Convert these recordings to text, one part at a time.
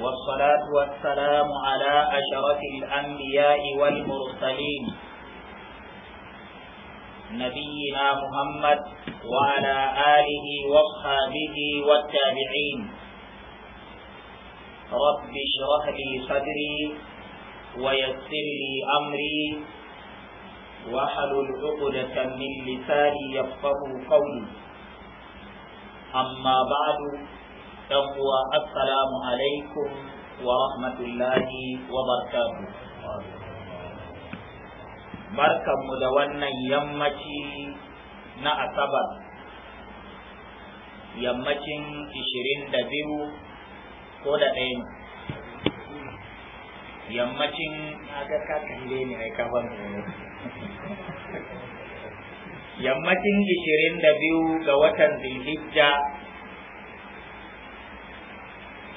والصلاة والسلام على أشرف الأنبياء والمرسلين نبينا محمد وعلى آله وصحابه والتابعين رب اشرح لي صدري ويسر لي أمري واحلل عقدة من لساني يفقه قولي أما بعد dan uwa عليكم alaikum wa وبركاته wa barakatuh يمتي da wannan yammaci na asabar yammacin ko da ɗaya yammacin ga ka kalle ai ka ban yammacin 22 ga watan zilhijja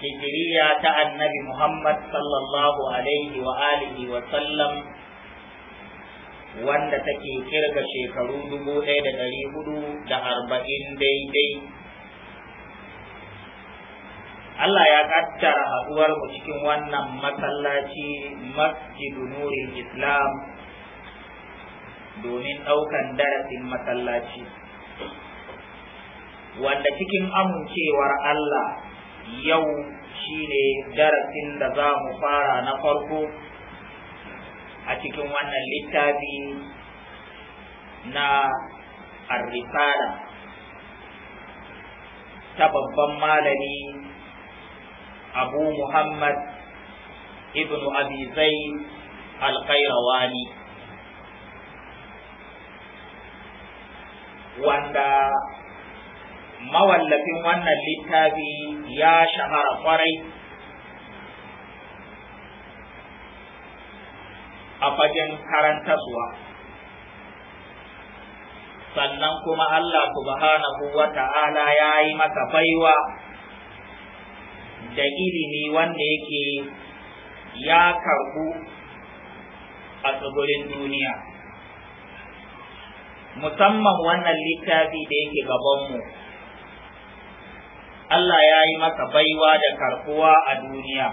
hijiriya ta annabi Muhammad sallallahu alaihi wa alihi wa sallam wanda take kirga shekaru dubu ɗaya da ɗari hudu da arba'in daidai. Allah ya ƙattara haɗuwar mu cikin wannan masallaci masjidu nurin Islam domin ɗaukan darasin masallaci. Wanda cikin amincewar Allah yau shi ne darasin da za mu fara na farko a cikin wannan littafi na arrisala ta babban malami abu muhammad Ibn abi alkairawani wanda mawallafin wannan littafi ya shahara kwarai a fagen karantaswa, sannan kuma Allah subhanahu wa ta'ala ya yi masa baiwa da ilimi wanda yake ya karbu a tsibirin duniya musamman wannan littafi da yake gabanmu Allah ya yi masa baiwa da karkuwa a duniya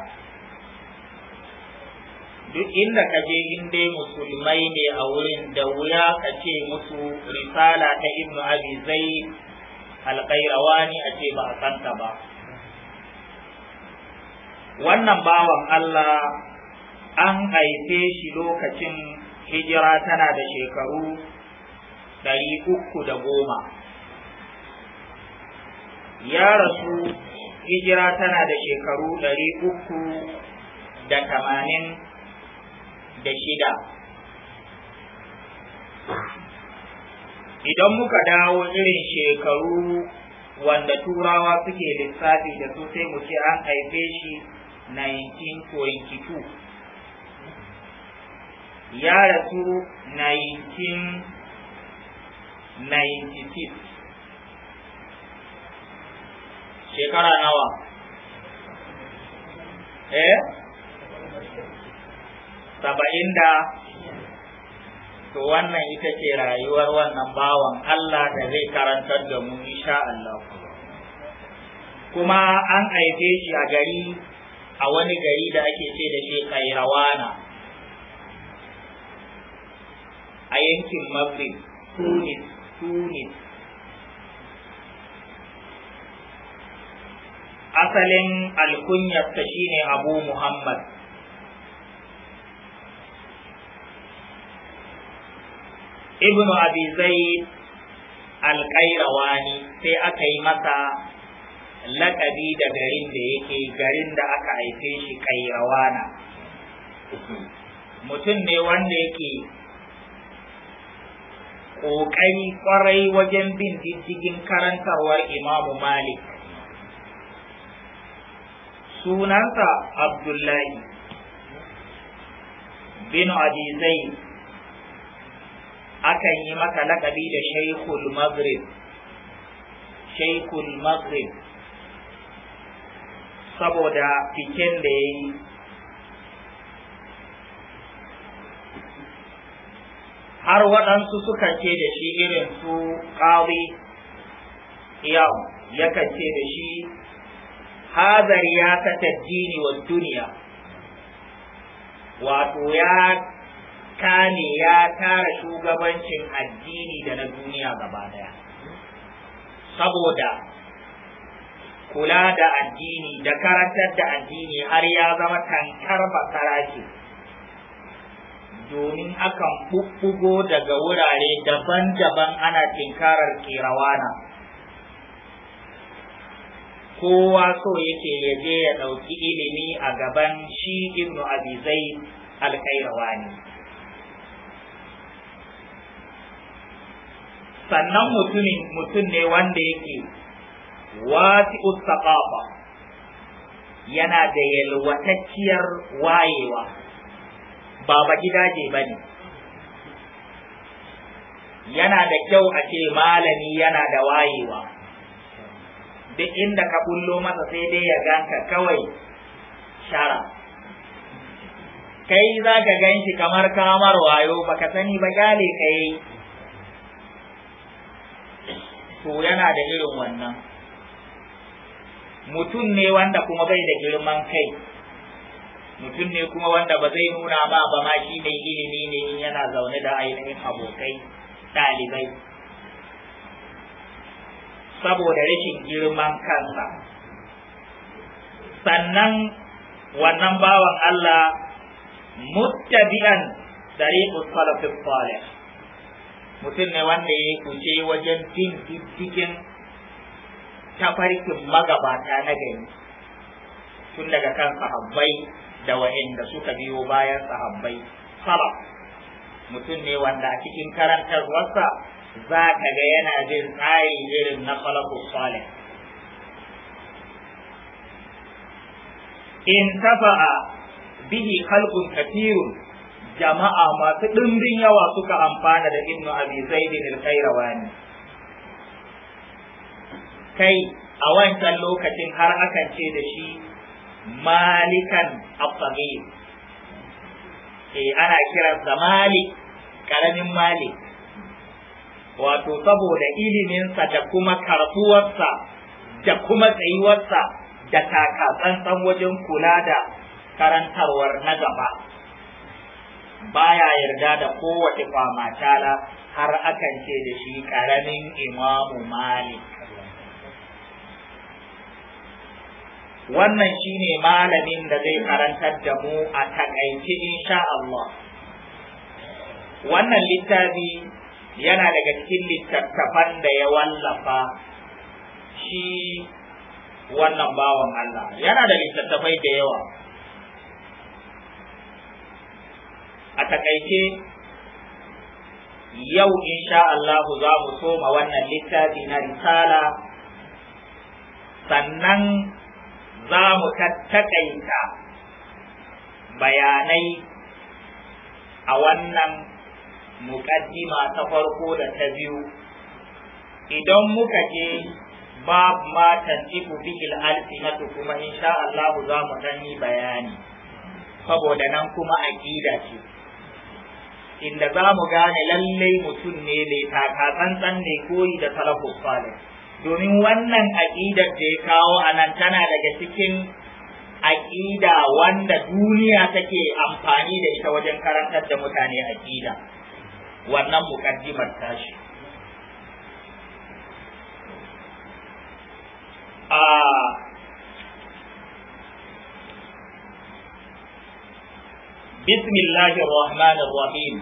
duk inda ka je in dai musulmai ne a wurin da wuya ka ce musu risala ta ibn abi zaid alƙairawani a ce ba a santa ba wannan bawan Allah an haife shi lokacin hijira tana da shekaru ɗari uku da goma ya rasu hijira tana da shekaru ɗari uku da tamanin da shida idan muka dawo irin shekaru wanda turawa suke lissafi da su sai mu ce an haife shi 1922 ya rasu 1996 shekara nawa eh saba'in da to wannan ita ce rayuwar wannan bawan Allah da zai karantar da mu insha Allah kuma an aike shi a gari a wani gari da ake ce da shi kairawana a yankin maghrib tunis tunis asalin alkunyarsa shine abu muhammad ibnu abi zaid alƙairawani sai aka yi masa laƙabi da garin da yake garin da aka haife shi ƙairawana mutum ne wanda yake ƙoƙari kwarai wajen bin diddigin karantarwar imamu malik sunansa abdullahi bin adizai akan yi maka lakabi da shaikul maghrib shaikul maghrib saboda fikin da ya yi har waɗansu suka ce da shi irin su ƙawi yau ya ce da shi hadha ya ad-din wa dunya wato ya kane ya tara shugabancin addini da na duniya gaba daya saboda kula da addini da karantar da addini har ya zama tankar bakara domin akan bubbugo daga wurare daban-daban ana tinkarar kirawana kowa so yake ya je ya ɗauki ilimi a gaban shi ibnu abi zaid ne. sannan mutumin mutum ne wanda yake wasi ustaqafa yana da yalwatacciyar wayewa ba ba gidaje ba ne yana da kyau a ce malami yana da wayewa duk inda ka bullo masa sai dai ya ganka kawai shara kai za ka gan shi kamar kamar wayo baka sani ba gale ka yi to yana da irin wannan mutum ne wanda kuma bai da girman kai mutum ne kuma wanda ba zai nuna ba ba ma shi mai ilimi ne yana zaune da ainihin abokai ɗalibai saboda rashin girman kansa sannan wannan bawan Allah muttabi'an dariqus salafis salih mutum ne wanda ya kuce wajen bin diddigin tafarkin magabata na gari tun daga kan sahabbai da wa'inda suka biyo bayan sahabbai salaf mutum ne wanda a cikin karantarwarsa za ka ga yana jin tsari irin na falakul salih in tafa'a bihi khalqun kathirun jama'a masu ɗumbin yawa suka amfana da ibnu abi zaidin al-khairawani kai a wancan lokacin har akan ce da shi malikan afamiyu eh ana kiran malik karamin malik wato saboda iliminsa da kuma karbuwarsa da kuma tsayuwarsa da san wajen kula da karantarwar na gaba baya yarda da kowace kwamatala har akan ce da shi ƙaramin imamu malik wannan shine malamin da zai karantar da mu a takaice insha Allah wannan littafi yana daga cikin littattafan da ya wallafa shi wannan bawan Allah yana da littattafai da yawa a takaice yau insha Allah za mu soma wannan littafi na risala sannan za mu tattakaita bayanai a wannan muƙaddima ta farko da ta biyu idan muka je bab ma tantiku bihil alsinatu kuma insha Allah za mu yi bayani saboda nan kuma aqida ce inda za mu gane lallai mutum ne mai takatsantsan ne koyi da salafus salih domin wannan aqidar da ya kawo anan tana daga cikin aqida wanda duniya take amfani da ita wajen karantar da mutane aqida wannan muƙaddimar tashi a bismillahir rahmanir rahim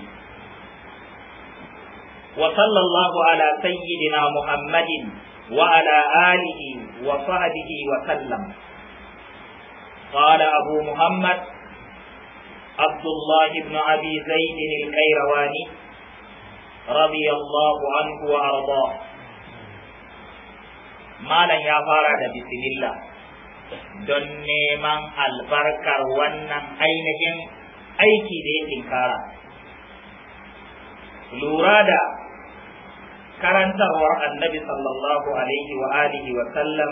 wa sallallahu ala sayyidina muhammadin wa ala alihi wa sahbihi wa sallam قال أبو محمد عبد الله بن أبي زيد الكيرواني رضي الله عنه وأرضاه malam ya fara da bismillah don neman albarkar wannan ainihin aiki da ya tinkara lura da karantarwar annabi sallallahu alaihi wa alihi wa sallam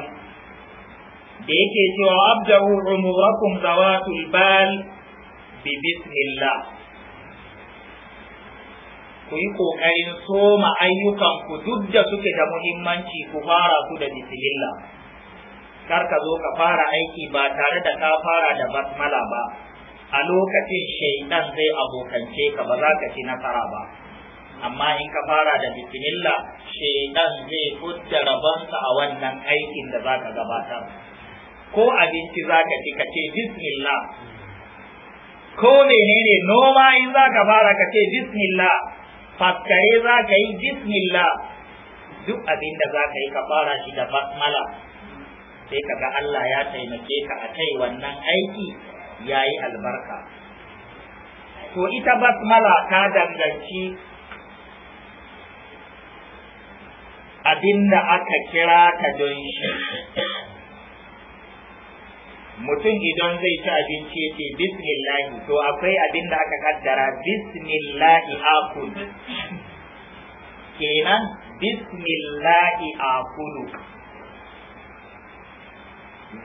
da yake cewa abdahu umurakum zawatul bal bi bismillah ku yi ƙoƙarin soma ayyukan ku duk da suke da muhimmanci ku fara su da bisimillah kar ka zo ka fara aiki ba tare da ka fara da basmala ba a lokacin shaidan zai abokance ka ba za ka ci nasara ba amma in ka fara da bisimillah shaidan zai fudda sa a wannan aikin da za ka gabatar ko abinci za ka ci ka ce bismillah ko menene noma in za ka fara ka ce bismillah fakare za ka yi bismillah duk abinda da za ka yi ka fara shi da basmala sai ka ga Allah ya taimake ka a kai wannan aiki ya yi albarka to ita basmala ta danganci abinda aka kira ka don shi mutum idan zai ci abinci ya ce bismillah to akwai abin da aka kaddara bismillah akul kenan bismillah akul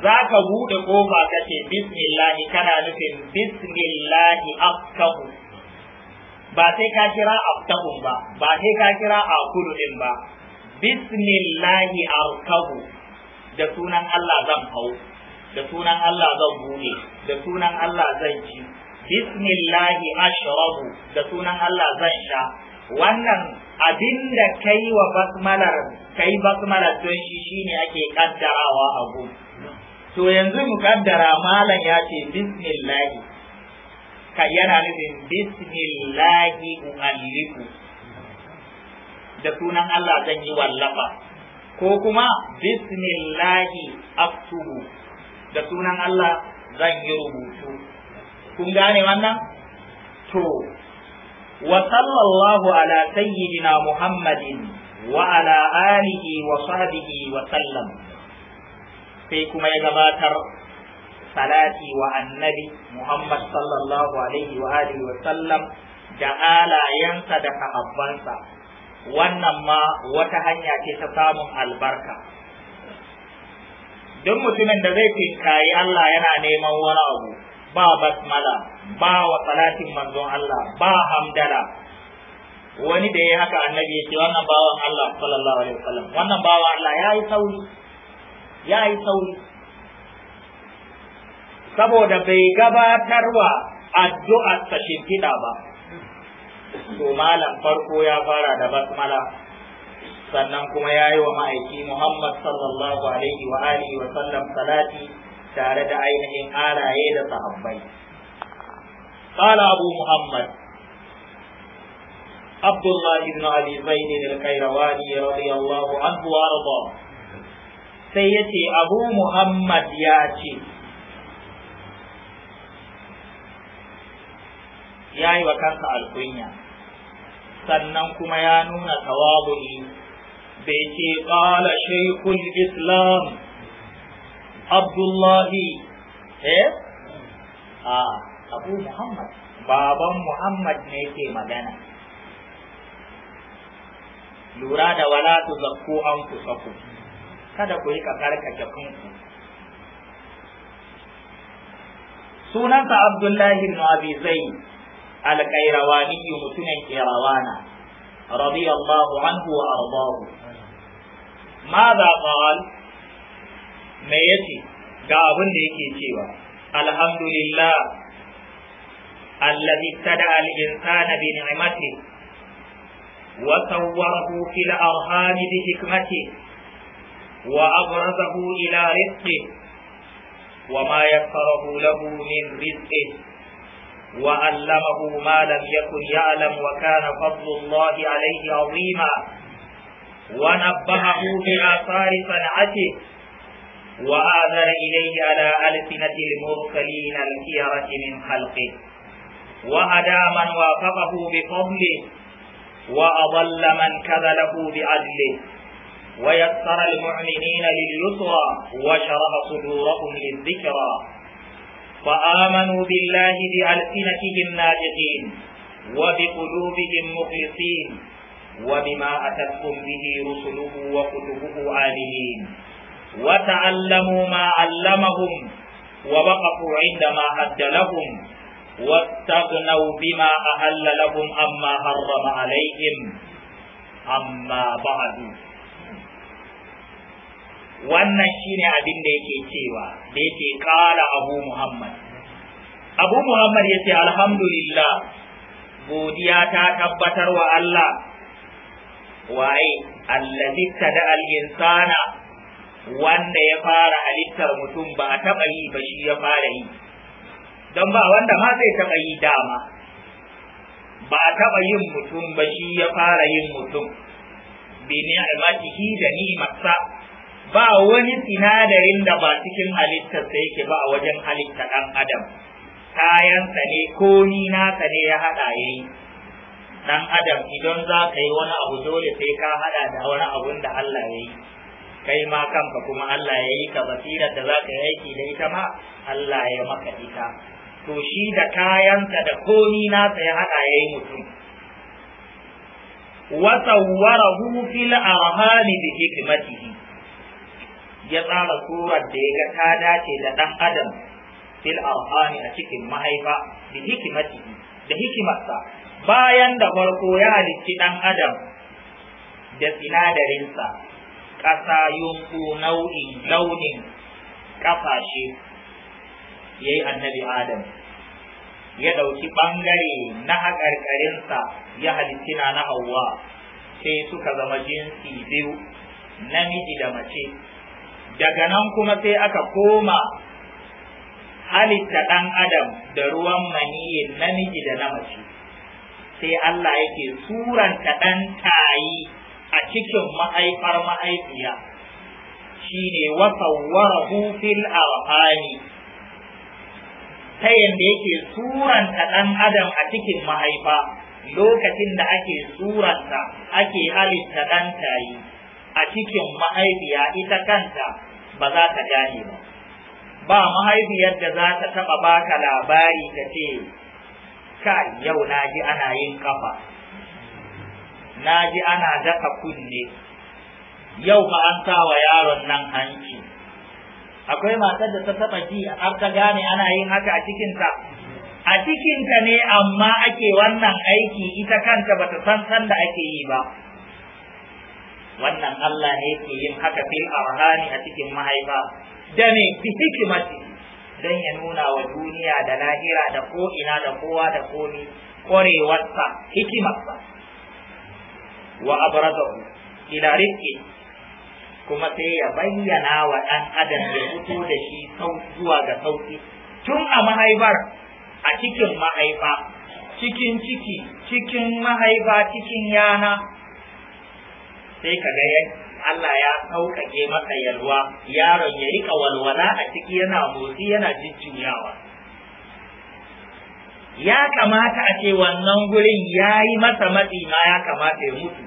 za ka buɗe kofa ka ce bismillah kana nufin bismillah aftahu ba sai ka kira aftahu ba ba sai ka kira akul din ba bismillah arkahu da sunan Allah zan hau da sunan Allah zan bude da sunan Allah zan ci bismillahi ashrabu da sunan Allah zan sha wannan abinda kai wa basmalar kai basmalar don shi shine ake kaddarawa a to yanzu mu kaddara malam ya ce bismillahi ka yana nufin bismillahi ualliku da sunan Allah zan yi wallafa ko kuma bismillahi aktubu da sunan Allah zan yi rubutu kun gane wannan to wa sallallahu ala sayyidina muhammadin wa ala alihi wa sahbihi wa sallam sai kuma ya gabatar salati wa annabi muhammad sallallahu alaihi wa alihi wa sallam da alayensa da sahabbansa wannan ma wata hanya ce ta samun albarka don mutumin da zai tinkari Allah yana neman wani abu ba basmala ba wa salatin manzon Allah ba hamdala wani da ya haka annabi ya ce wannan bawan Allah sallallahu alaihi wasallam wannan bawan Allah ya yi sauri ya yi sauri saboda bai gabatarwa addu'ar ta shimfiɗa ba to malam farko ya fara da basmala sannan kuma ya yi wa ma'aiki Muhammad sallallahu alaihi wa alihi wa sallam salati tare da ainihin alaye da sahabbai. Qala Abu Muhammad Abdullah ibn Abi Zaid al-Qayrawani ya anhu wa arda sai ya ce Abu Muhammad ya ce yayi wa kansa alkunya sannan kuma ya nuna tawabu'i sai ce ƙala shaikul islam abdullahi eh a abu muhammad baban muhammad ne ke magana lura da wala tu zakku an kusaku kada ku rika karkace kanku sunansa abdullahi ibn abi zayd al-qayrawani mutumin qayrawana radiyallahu anhu wa ardahu maza qal me yace ga abin da yake cewa alhamdulillah alladhi da al-insana bi ni'matihi wa sawwarahu fil arhami wa abrazahu ila rizqihi وما يسره له من رزقه وعلمه ما لم يكن يعلم وكان فضل الله عليه عظيما ونبهه بآثار صنعته وآذر إليه على ألسنة المرسلين الكيرة من خلقه وهدى من وافقه بفضله وأضل من كذله بعدله ويسر المؤمنين لليسرى وشرح صدورهم للذكرى فآمنوا بالله بألسنتهم ناجحين وبقلوبهم مخلصين وبما أتتهم به رسله وكتبه عالمين وتعلموا ما علمهم ووقفوا عندما أد لهم واستغنوا بما أهل لهم أما حرم عليهم أما بعد wannan shine abin da yake cewa da yake kala abu muhammad abu muhammad ya ce alhamdulillah godiya ta tabbatar wa allah waye allazi tada al-insana wanda ya fara halittar mutum ba a taɓa yi ba shi ya fara yi don ba wanda ma zai taɓa yi dama ba a taɓa yin mutum ba shi ya fara yin mutum bi ni'matihi da ni'matsa ba wani sinadarin da ba cikin halittar sa yake ba a wajen halitta ɗan adam kayansa ne ko ni nasa ne ya haɗa yayi dan adam idan za ka yi wani abu dole sai ka hada da wani abun da Allah ya yi kai ma kanka kuma Allah ya yi ka basirar da za ka yi aiki da ita ma Allah ya maka ita to shi da kayansa da komi sai ya hada ya yi mutum wa sawwarahu fil arhami bi hikmatihi ya tsara surar da ya ga ta dace da dan adam fil arhami a cikin mahaifa bi hikmatihi da hikimarsa bayan da farko ya halicci ɗan adam da sinadarinsa ƙasa yunku nau'in launin ƙafashe ya yi annabi adam ya ɗauki ɓangare na haƙarƙarinsa ya halitti na na hawa sai suka zama jinsi biyu namiji da mace daga nan kuma sai aka koma halitta ɗan adam da ruwan maniyin namiji da na mace sai Allah yake suranta ɗan tayi a cikin ma'aifar ma'aifiya shine wa sawwarahu fil arhani ta yanda yake suranta ɗan adam a cikin mahaifa lokacin da ake suranta ake halitta ɗan tayi a cikin mahaifiya ita kanta ba za ta gane ba ba mahaifiyar da za ta taɓa baka labari ta ce kai yau na ji ana yin kafa na ji ana daka kunne yau fa an wa yaron nan hanci akwai matar da ta taba ji har ta gane ana yin haka a cikinta a cikinta ne amma ake wannan aiki ita kanta bata san san da ake yi ba wannan Allah ne yake yin haka fil arhani a cikin mahaifa da ne hikimati don ya nuna wa duniya da lahira da ko'ina da kowa da komi ƙwarewarsa hikimarsa wa abrazahu ila rifki kuma sai ya bayyana wa ɗan adam ya fito da shi zuwa ga sauki tun a mahaifar a cikin mahaifa cikin ciki cikin mahaifa cikin yana sai ka ga Allah ya sauƙaƙe maka yalwa yaron ya riƙa walwala a ciki yana motsi yana jujjuyawa ya kamata a ce wannan gurin ya yi masa matsi ma ya kamata ya mutu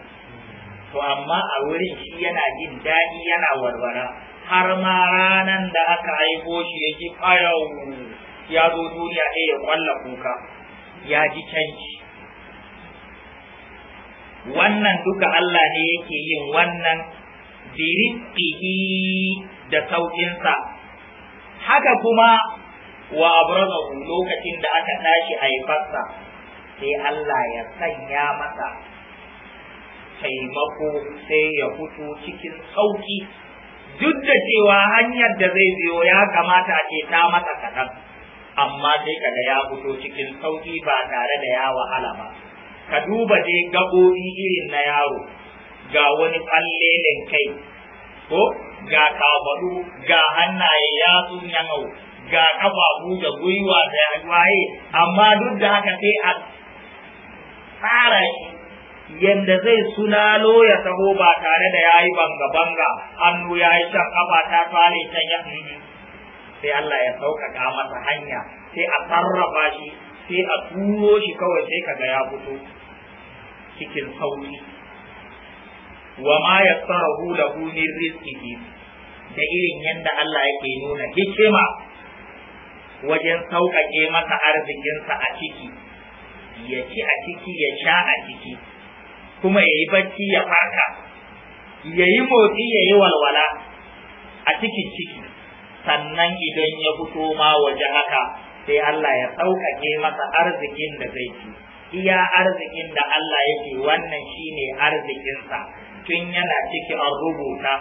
to amma a wurin shi yana jin daɗi yana walwala har ma ranan da aka haifo shi ya ji ya zo duniya ɗaya ya kwalla kuka ya ji canji wannan duka Allah ne yake yin wannan biriffihi da sauƙinsa haka kuma wa abrazahu lokacin da aka tashi haifarsa sai Allah ya sanya masa taimako sai ya fito cikin sauƙi duk da cewa hanyar da zai biyo ya kamata a ce ta masa kaɗan amma sai kaga ya fito cikin sauƙi ba tare da ya wahala ba ka duba dai gaɓoɓi irin na yaro ga wani ne kai ko ga kafaɗu ga hannaye yatsu na hau ga kafafu da gwiwa da waye amma duk da haka sai a tsara yadda zai suna ya taho ba tare da ya yi banga banga hannu ya yi shan kafa ta tsare can ya mm-hmm. sai Allah ya sauƙaƙa masa hanya sai a sarrafa shi sai a turo shi kawai sai kaga ya fito cikin sauri wa ma yassarahu lahu min rizqihi da irin yanda Allah yake nuna hikima wajen sauƙaƙe masa arzikinsa a ciki ya ci a ciki ya sha a ciki kuma ya yi bacci ya farka ya yi motsi ya yi walwala a cikin ciki sannan idan ya fito ma waje haka sai Allah ya sauƙaƙe masa arzikin da zai ci iya arzikin da Allah yake wannan shine arzikinsa tun yana ciki an rubuta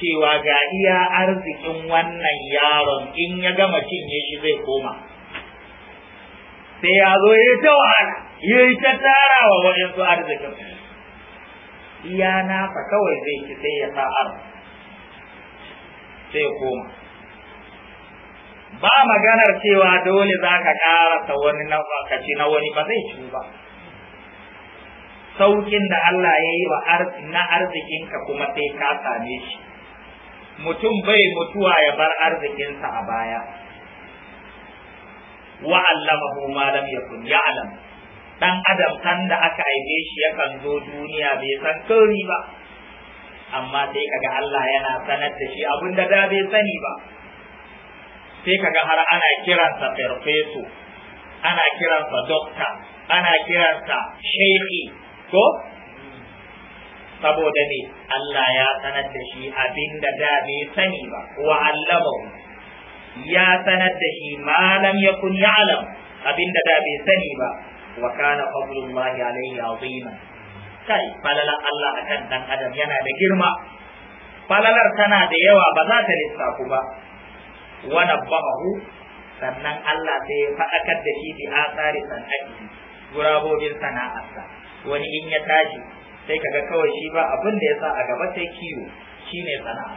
cewa ga iya arzikin wannan yaron in ya gama cinye shi zai koma sai ya zo ya ta wahala ya yi ta tara wa su arzikin iya fa kawai zai ci sai ya sa sai koma ba maganar cewa dole za ka karasa wani na wani ba zai ci ba saukin da Allah ya yi wa na arzikinka kuma sai ka same shi mutum bai mutuwa ya bar arzikinsa a baya wa allamahu ma lam yakun ya'lam dan adam kan da aka aike shi yakan zo duniya bai san kauri ba amma sai kaga Allah yana sanar da shi abin da da bai sani ba sai kaga har ana kiransa farfeso ana kiransa dokta ana kiransa shehi ko saboda ne Allah ya sanar da shi abinda da bai sani ba wa allamahu ya sanar da shi malam ya kun ya'lam abinda da bai sani ba wa kana fadlullahi alayhi azima kai falalar Allah akan dan adam yana da girma falalar tana da yawa ba za ta lissafu ba wa nabbahu sannan Allah sai ya faɗakar da shi bi asari sanadi gurabobin sana'arsa wani in ya tashi sai kaga kawai shi ba abin da ya sa a gaba sai kiwo shine sana'a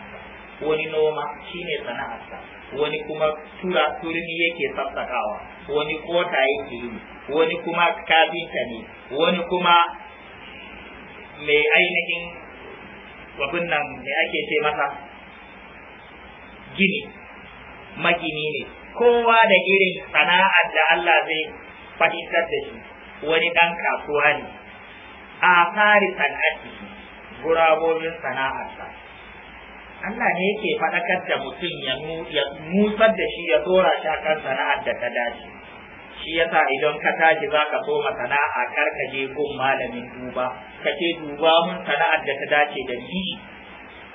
wani noma shine sana'arsa wani kuma tura turmi yake sassakawa wani kota yake yi wani kuma kafinta ne wani kuma mai ainihin wabin nan ne ake ce masa gini magini ne kowa da irin sana'ar da Allah zai fahimtar da shi wani ɗan kasuwa ne a fari sana'ati gurabobin sana'arsa Allah ne yake faɗakar da mutum ya nutsar da shi ya tsora shi kan sana'ar da ta dace shi yasa idan ka tashi za ka soma sana'a kar ka je gun malamin duba ka ce duba mun sana'ar da ta dace da ni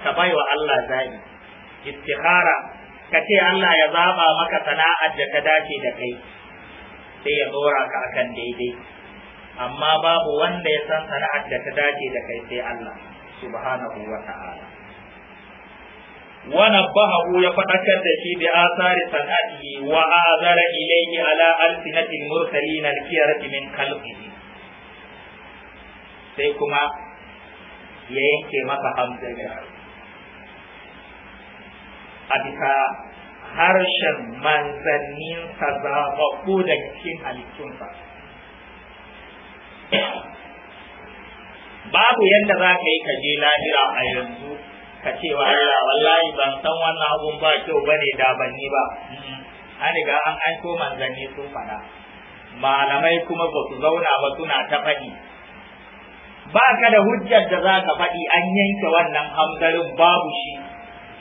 ka bai wa Allah zaɓi istikhara ka ce Allah ya zaba maka sana'ar da ta dace da kai sai ya tsora ka akan daidai amma babu wanda ya san sana'ar da ta dace da kai sai Allah subhanahu wa ta'ala wa nabbahu ya fadakar da shi bi asari sanadi wa azara ilayhi ala alsinatil mursalin alkiyarati min khalqihi sai kuma ya yanke masa hamsin a bisa harshen manzanninsa zaɓaɓɓu da cikin halittunsa babu yadda za ka yi ka je lahira a yanzu ka ce wa Allah wallahi ban san wannan abun ba kyau bane da ban yi ba an riga an aiko manzanni sun faɗa malamai kuma ba su zauna ba suna ta faɗi ba ka da hujjar da za ka faɗi an yanke wannan hamzarin babu shi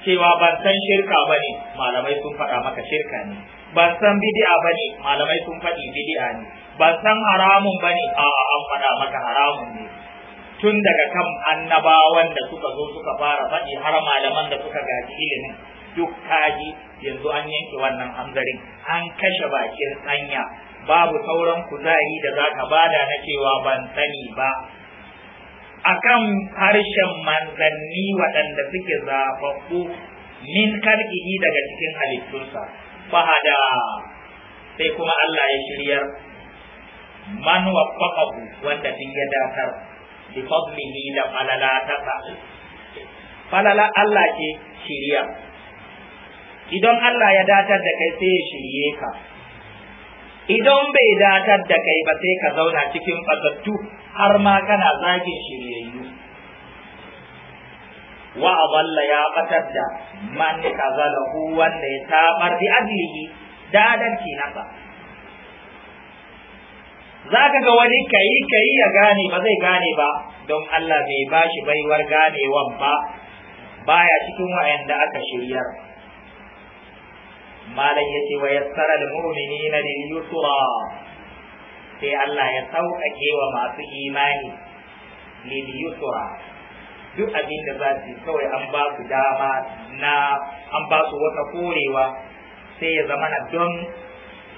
cewa ban san shirka ba ne malamai sun faɗa maka shirka ne ban san bidi'a ba ne malamai sun faɗi bidi'a ne ba san haramun ba ne a an faɗa maka haramun ne tun daga kan annabawan da suka zo suka fara faɗi har malaman da suka gaji ilimin duk kaji yanzu an yanke wannan hanzarin an kashe bakin hanya babu sauran kuzari da za ka bada na cewa ban sani ba akan harshen manzanni waɗanda suke zafafu min kalkihi daga cikin halittunsa fahada sai kuma Allah ya shiryar man waffaqahu wanda din ya dakar bi fadlihi da falala ta falala Allah ke shiriya idan Allah ya datar da kai sai ya shirye ka idan bai datar da kai ba sai ka zauna cikin fatattu har ma kana zagin shiryayyu wa adalla ya batar da man kazalahu wanda ya tabar bi adlihi dadan kinasa za ka ga wani kayi kayi ya gane ba zai gane ba don Allah bai ba shi baiwar ganewan ba baya cikin da aka shirya. malam ya ce wa yassara al-mu'minina lil yusra sai Allah ya sauƙaƙe wa masu imani lil yusra duk abin da za su kawai an ba su dama na an ba su wata korewa sai ya zama na don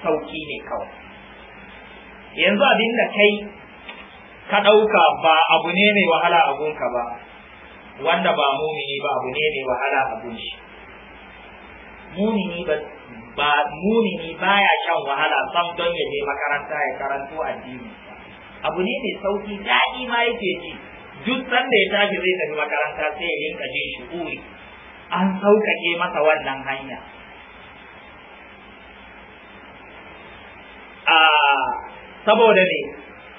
sauki ne kawai yanzu abin da kai ka ɗauka ba abu ne mai wahala a gunka ba wanda ba mumini ba abu ne mai wahala a gunshi mumini ba ba mumini baya shan wahala sam don ya je makaranta ya karanto addini abu ne mai sauki daɗi ma yake ji duk sanda ya tafi zai tafi makaranta sai ya rinka jin shuuri an sauƙaƙe masa wannan hanya ah, saboda ne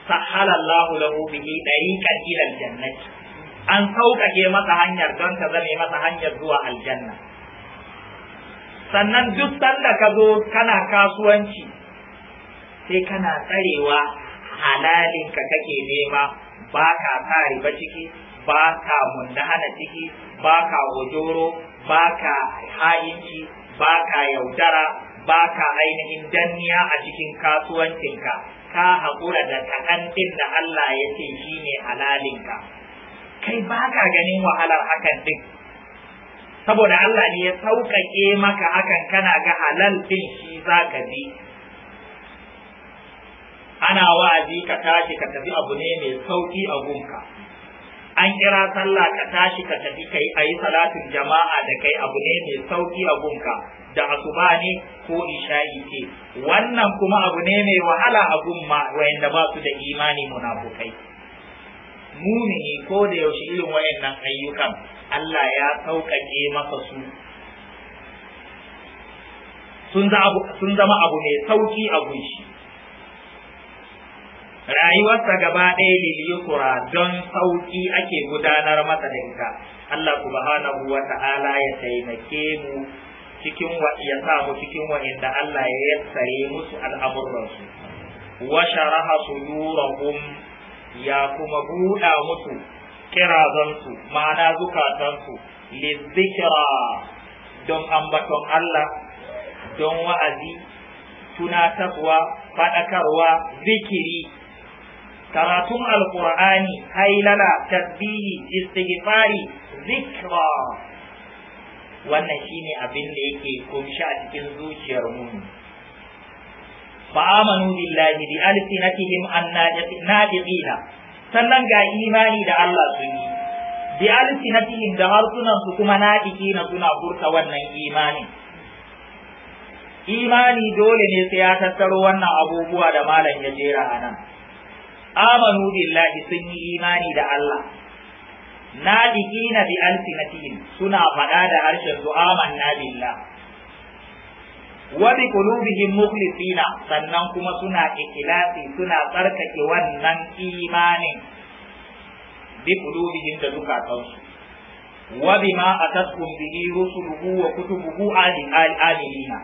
sahala Allah lahu bihi dariqan ila aljannati an sauƙaƙe masa hanyar don ka zame masa hanyar zuwa aljanna sannan duk sanda ka zo kana kasuwanci sai kana tsarewa halalin ka kake nema ba ka sa riba ciki ba ka mundahana ciki ba ka wajoro, ba ka ha'inci ba ka yaudara ba ka ainihin danniya a cikin kasuwancinka ka haƙura da kaɗan ɗin da Allah ya ce shi ne halalinka kai ba ka ganin wahalar hakan ɗin saboda Allah ne ya sauƙaƙe maka hakan kana ga halal ɗin shi za ka bi ana wa'azi ka tashi ka tafi abu ne mai sauƙi a gunka an kira sallah ka tashi ka tafi kai yi salatin jama'a da kai abu ne mai sauƙi a gunka da asuba ne ko isha'i ce wannan kuma abu ne mai wahala a gumma wayanda ba su da imani munafukai ne ko da yaushe irin wayannan ayyukan Allah ya sauƙaƙe masa su sun zama abu mai sauƙi a gunshi rayuwarsa gaba ɗaya liliyukura don sauƙi ake gudanar masa da ita Allah subhanahu wa ta'ala ya taimake mu cikin ya sa mu cikin waɗanda Allah ya yassare musu al'amuransu wa sharaha sudurahum ya kuma buɗa musu kirazansu ma'ana zukatansu lizikira don ambaton Allah don wa'azi tunatarwa faɗakarwa zikiri karatun alƙur'ani hailala tasbihi istighfari zikra wannan shine abin da yake kunshi a cikin zuciyar mu fa amanu billahi bi alsinatihim annadiqina sannan ga imani da Allah sun yi bi alsinatihim da harsunan su kuma nadiqina suna furta wannan imani imani dole ne sai ya tattaro wannan abubuwa da malam ya jera anan amanu billahi sun yi imani da Allah nadiqina bi alsinatihim suna faɗa da harshen su amanna billah wa bi qulubihim mukhlisina sannan kuma suna ikhlasi suna tsarkake wannan imanin bi qulubihim da su wa bima ataskum bihi rusuluhu wa kutubuhu alimina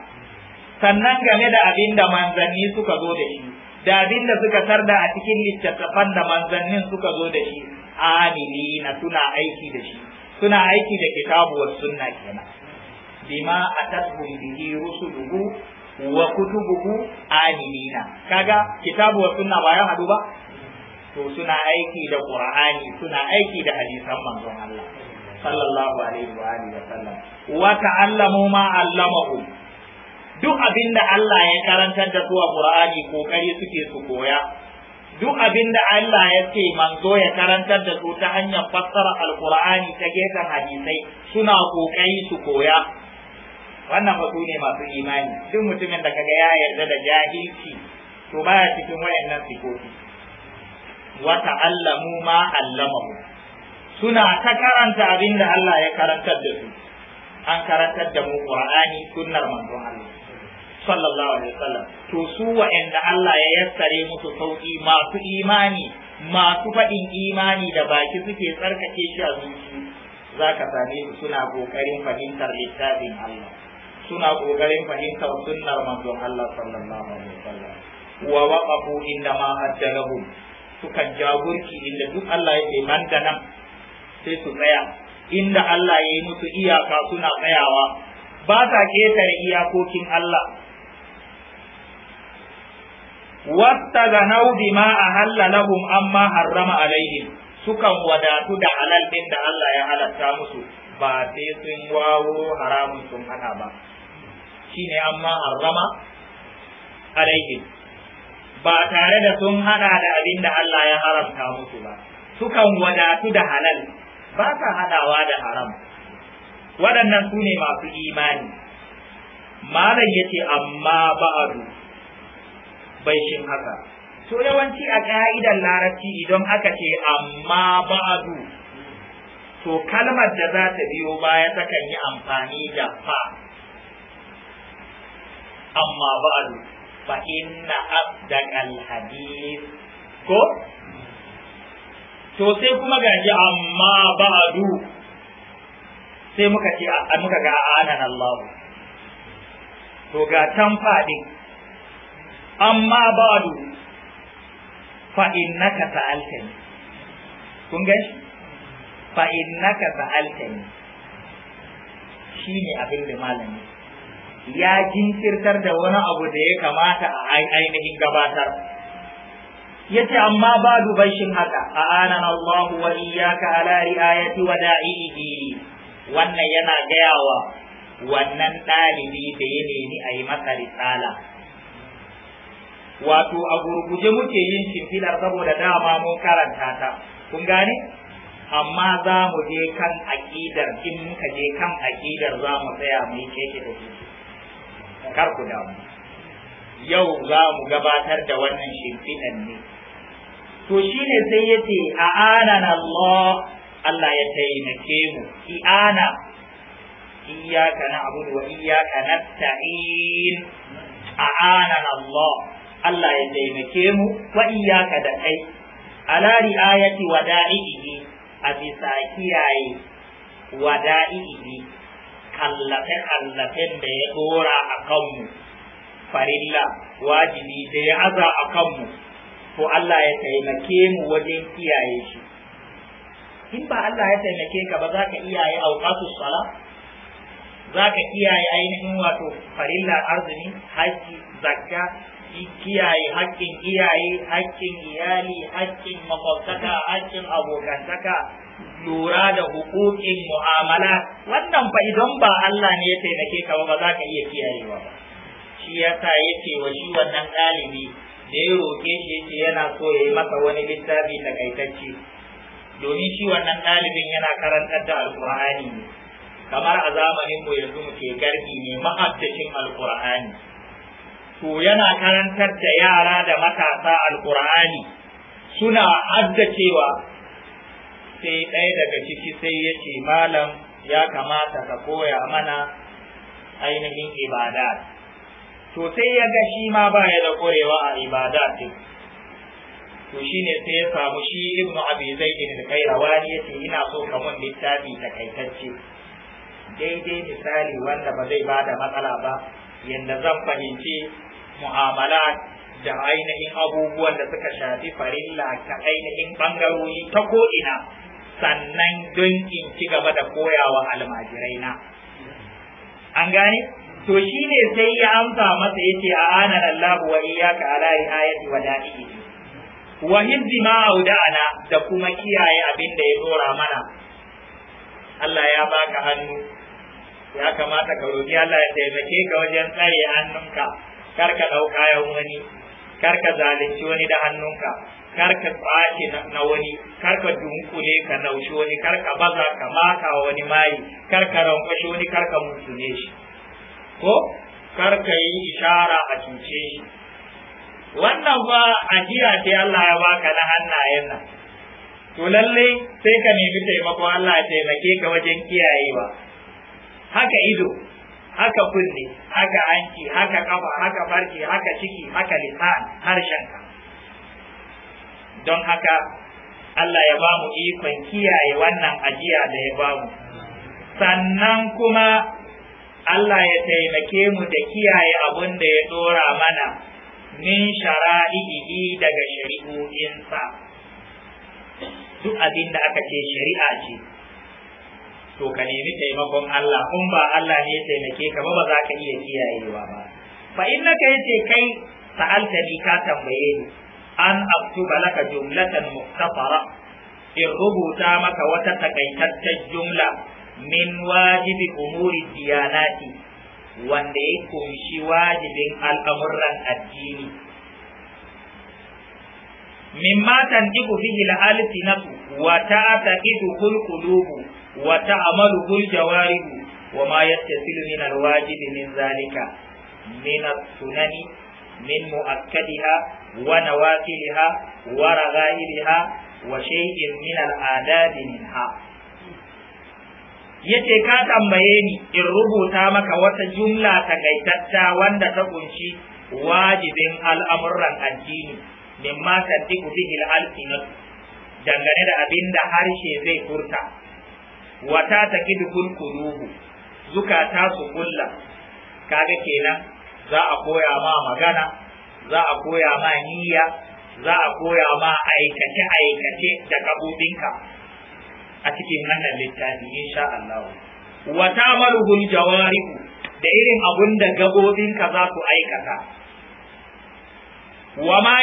sannan game da abin da manzanni suka zo da shi da abin da suka tarda a cikin littattafan da manzannin suka zo da shi amilina suna aiki da shi suna aiki da kitabu wa sunna kenan bima atatuhum bihi rusuluhu wa kutubuhu amilina kaga kitabu wa sunna ba ya hadu ba to suna aiki da qur'ani suna aiki da hadisan manzon Allah sallallahu alaihi wa alihi wa sallam wa ta'allamu ma allamahu duk abinda Allah ya karantar da su a qur'ani kokari suke su koya duk abin da Allah ya ce manzo ya karantar da su ta hanyar fassara alkur'ani ta gefen hadisai suna kokari su koya wannan ba ne masu imani duk mutumin da kaga ya yarda da jahilci to baya cikin wayannan sifofi wa ta'allamu ma allamahu suna ta karanta abin da Allah ya karantar da su an karantar da mu qur'ani sunnar manzon Allah sallallahu alaihi wasallam to su wa'anda Allah ya yassare musu sauki masu imani masu faɗin imani da baki suke tsarkake shi a zuci za ka same su suna ƙoƙarin fahimtar littafin Allah suna ƙoƙarin fahimtar sunnar manzon Allah sallallahu alaihi wasallam wa waqafu inda ma ajjalahum sukan jagurki inda duk Allah yake nan da nan sai su tsaya inda Allah ya yi musu iyaka suna tsayawa ba sa ketare iyakokin Allah wastaghnaw bima ahalla lahum amma harrama alaihim sukan wadatu da halal din da Allah ya halatta musu ba sai sun wawo haramun sun hana ba shine amma harrama alaihim ba tare da sun hada da abin da Allah ya haramta musu ba sukan wadatu da halal ba sa hadawa da haram waɗannan sune masu imani malam yace amma ba'adu baishin haka to yawanci a ka'idar larabci idan aka ce amma ba'du to kalmar da za ta biyo baya takan yi amfani da fa amma ba'du fa inna asdaqal hadith ko to sai kuma gaji amma ba'du sai muka ce muka ga anan Allah to ga tanfa din amma ba'du fa innaka sa'altani kun ga fa innaka sa'altani shine abin da malami ya jinkirtar da wani abu da ya kamata a ainihin gabatar yace amma ba'du bashin haka a anan Allah wa iyyaka ala riayati wa da'ihi wannan yana gayawa wannan ɗalibi da ya nemi a yi masa risala wato a gurguje muke yin shimfidar saboda dama mun karanta ta kun gane amma za mu je kan aƙidar in muka je kan aƙidar za mu tsaya mu yi keke da su kar ku damu yau za mu gabatar da wannan shimfiɗan ne to shi ne sai ya ce a anan Allah Allah ya taimake mu ki i'ana iyyaka na'budu wa iyyaka nasta'in a anan Allah Allah ya taimake mu wa iyaka da kai ala riayati wada'ihi a bisa kiyaye wada'ihi kallafe kallafen da ya dora a kanmu farilla wajibi da ya aza a kanmu to Allah ya taimake mu wajen kiyaye shi in ba Allah ya taimake ka ba za ka iyaye auqatus sala za ka iyaye ainihin wato farilla arzini haji zakka kiyaye haƙƙin iyaye haƙƙin iyali haƙƙin makwabtaka haƙƙin abokantaka lura da hukukin mu'amala wannan fa idan ba Allah ne ya taimake ka ba za ka iya kiyayewa ba shi yasa yake wa shi wannan ɗalibi da ya roƙe shi yake yana so ya yi masa wani littafi takaitacce domin shi wannan ɗalibin yana karantar da alƙur'ani ne kamar a zamanin mu yanzu muke ke ne ma'abdashin alƙur'ani to yana karantar da yara da matasa alkur'ani suna cewa sai ɗaya daga ciki sai ya malam ya kamata ka koya mana ainihin ibada to sai ya ga shi ma ba ya da ƙwarewa a ibadat to shine sai ya samu shi ibnu abi kai bin ya ce ina so ka mun littafi takaitacce daidai misali wanda ba zai bada matsala ba yanda zan fahimci mu'amalat da ainihin abubuwan da suka shafi farilla ka ainihin bangarori ta ko'ina sannan don in ci gaba da koyawa almajirai na an gane to shine sai ya amsa masa yace a anan Allah wa iyyaka ala ayati wa da'i wa hizzi ma auda'ana da kuma kiyaye abin da ya dora mana Allah ya baka hannu ya kamata ka roki Allah ya taimake ka wajen tsare hannunka karka ka ɗau wani karka zalunci wani da hannunka karka ka na wani karka ka dunkule ka naushi wani kar ka baza ka maka wani mayi kar ka wani kar ka shi ko kar yi ishara a cuce shi wannan ba ajiya ce Allah ya baka na hannayen nan to lalle sai ka nemi taimako Allah ya taimake ka wajen kiyayewa haka ido haka kunne haka hanki haka kafa haka farki haka ciki haka lisan harshenka don haka Allah ya bamu ikon kiyaye wannan ajiya da ya bamu sannan kuma Allah ya taimake mu da kiyaye abun da ya dora mana min shara'ihi daga shari'o'insa duk abin da aka ce shari'a ce to ka nemi taimakon Allah kun ba Allah ne ya taimake ka ba ba za ka iya kiyayewa ba fa innaka yace kai sa'alta ni ka tambaye ni an aktuba laka jumlatan mukhtasara in rubuta maka wata takaitaccen jumla min wajibi umuri diyanati wanda ya kunshi wajibin al'amuran addini mimma tanjibu fihi al-alsinatu wa ta'taqidu qulubu wa ta'maluhu al-jawarih wa ma yattasilu min al-wajibi min zalika min as-sunani min mu'akkadiha wa nawafiliha wa raghairiha wa shay'in min al-adabi minha yace ka tambaye ni in rubuta maka wata jumla gaitatta wanda ta kunshi wajibin al'amuran addini mimma taddiku bihi al-alsinatu dangane da abin da harshe zai furta wa ta taqidu zuka zukata su kulla kaga kenan za a koya ma magana za a koya ma niyya za a koya ma aikace aikace da kabubinka a cikin wannan littafi insha Allah wa ta'maluhu da irin abun da gabobinka za su aikata wa ma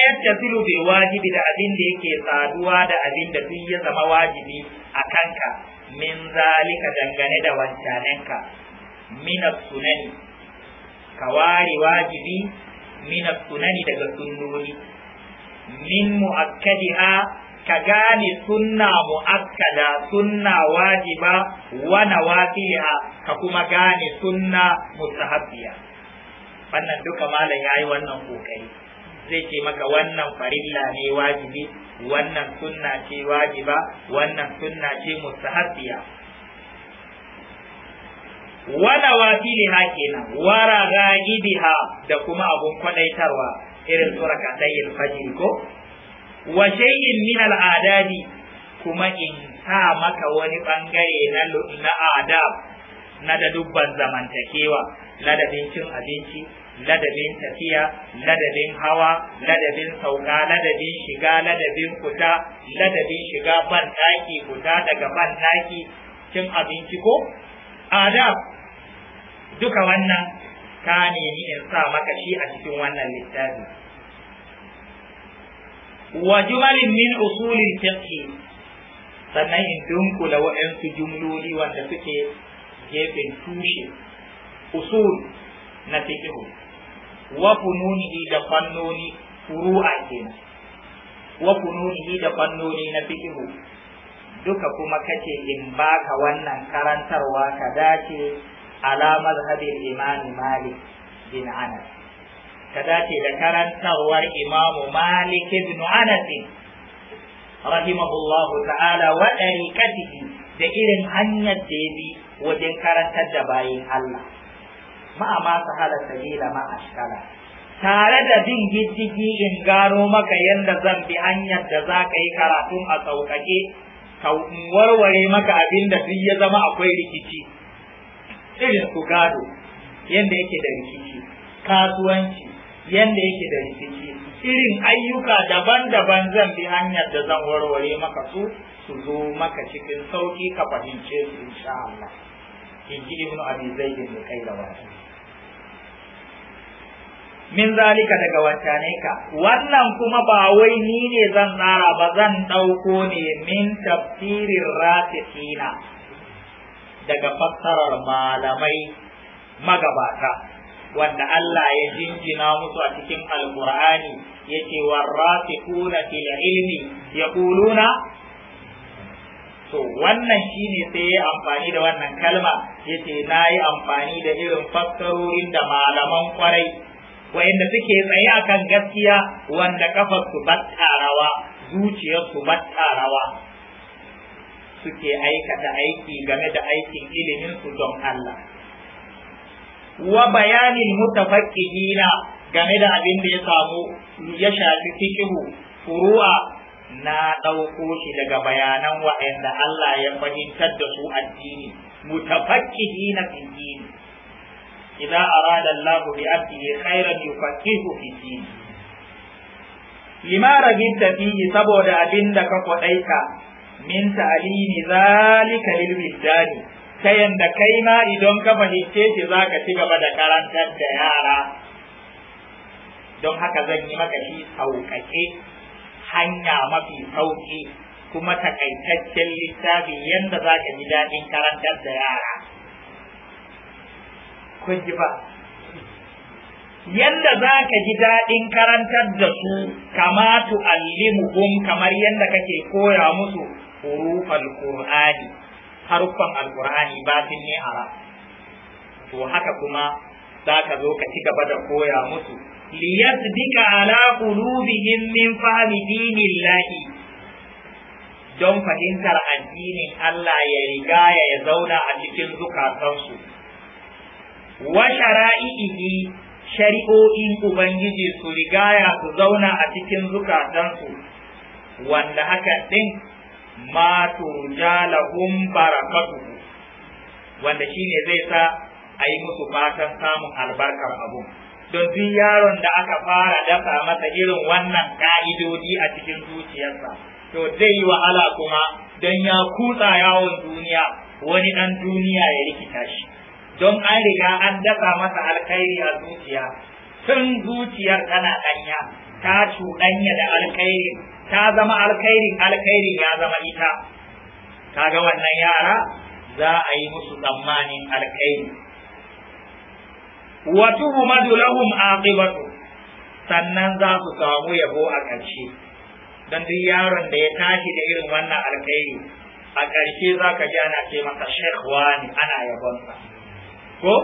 zulu bil wajibi da abin da yake saduwa da abin da ya zama wajibi a kanka min zalika dangane da wancanenka minas sunani ka ware wajibi minas sunani daga sunnoni min mu'akkadiha ka gane sunna mu'akkada sunna wajiba wa nawafiha ka kuma gane sunna mustahabbiya wannan duka malam yayi wannan kokari zai ce maka wannan farilla ne wajibi wannan sunna ce wajiba wannan sunna ce mustahabbiya wala wafiliha kenan wara ga'ibiha da kuma abun kwadaitarwa irin surak'a rakatayin fajr ko wa shay'in min al'adadi kuma in sa maka wani bangare na na adab na da dubban zamantakewa na da cin abinci ladabin tafiya ladabin hawa ladabin sauka ladabin shiga ladabin kuta ladabin shiga ban daki kuta daga ban daki cin abinci ko adab duka wannan ka nemi in sa maka shi a cikin wannan littafi wa jumalin min usulil fiqh sannan in dunkula waɗansu jumloli wanda suke gefen tushe usul na fiqh wa fununihi da fannoni furu'a kenan wa fununihi da fannoni na fiqhu duka kuma kace in baka wannan karantarwa ka dace ala mazhabin imam malik bin anas ka dace da karantarwar imam malik bin anas rahimahullahu ta'ala wa dariqatihi da irin hanyar da ya bi wajen karantar da bayin Allah ma'a ma hada sabila ma ashkala tare da bin diddigi in gano maka yadda zan bi hanyar da za ka yi karatun a sauƙaƙe ka warware maka abin da duk ya zama akwai rikici irin su gado yadda yake da rikici kasuwanci yadda yake da rikici irin ayyuka daban-daban zan bi hanyar da zan warware maka su su zo maka cikin sauƙi ka fahimce su insha Allah in ji ibnu abi zaid da kai da min zalika daga wancane ka wannan kuma ba wai ni ne zan tsara ba zan ɗauko ne min tafsirin rasikina daga fassarar malamai magabata wanda Allah ya jinjina musu a cikin alkur'ani yake warrasikuna fil ilmi yaquluna to wannan shine sai ya amfani da wannan kalma yace nayi amfani da irin fassarorin da malaman kwarai wa'inda suke tsaye akan gaskiya wanda kafar su battarawa zuciyar su battarawa suke aikata aiki game da aikin ilimin su don Allah wa bayanin mutafakkihina game da abin da ya samu ya shafi fikihu furu'a na ɗauko shi daga bayanan wa'anda Allah ya fahimtar da su addini mutafakkihina fi dini idza arada Allah bi abdihi khairan yufaqihu fi din lima ragibta fihi saboda abinda ka kwadaita min ta'limi zalika lil wisdani ta yanda kai ma idan ka fahimce shi zaka ci gaba da karantar da yara don haka zan yi maka shi sauƙaƙe hanya mafi sauƙi kuma takaitaccen littafi yadda za ka ji daɗin karantar da yara kun ji ba yadda za ka ji daɗin karantar da su kama tu'allimuhum kamar yadda kake koya musu hurufal qur'ani haruffan alqur'ani batin ne ara to haka kuma za ka zo ka ci gaba da koya musu liyasbika ala qulubihim min fahmi dinillahi don fahimtar addinin Allah ya riga ya zauna a cikin zukatansu wa shara'ihi shari'o'in ubangiji su rigaya su zauna a cikin zukatansu wanda haka din ma turjalahum barakatuhu wanda shine zai sa ayi musu fatan samun albarkar abu don duk yaron da aka fara dafa masa irin wannan ka'idodi a cikin zuciyarsa to zai yi wahala kuma don ya kutsa yawon duniya wani ɗan duniya ya rikita shi don an riga an dasa masa alkhairi a zuciya tun zuciyar tana danya ta cuɗanya da alkhairi ta zama alkhairin alkhairin ya zama ita kaga wannan yara za a yi musu tsammanin alkhairi wa tuhmadu lahum aqibatu sannan za su samu yabo a ƙarshe dan duk yaron da ya tashi da irin wannan alkhairi a ƙarshe za ka ji ana ce masa shekh wani ana yabonsa ko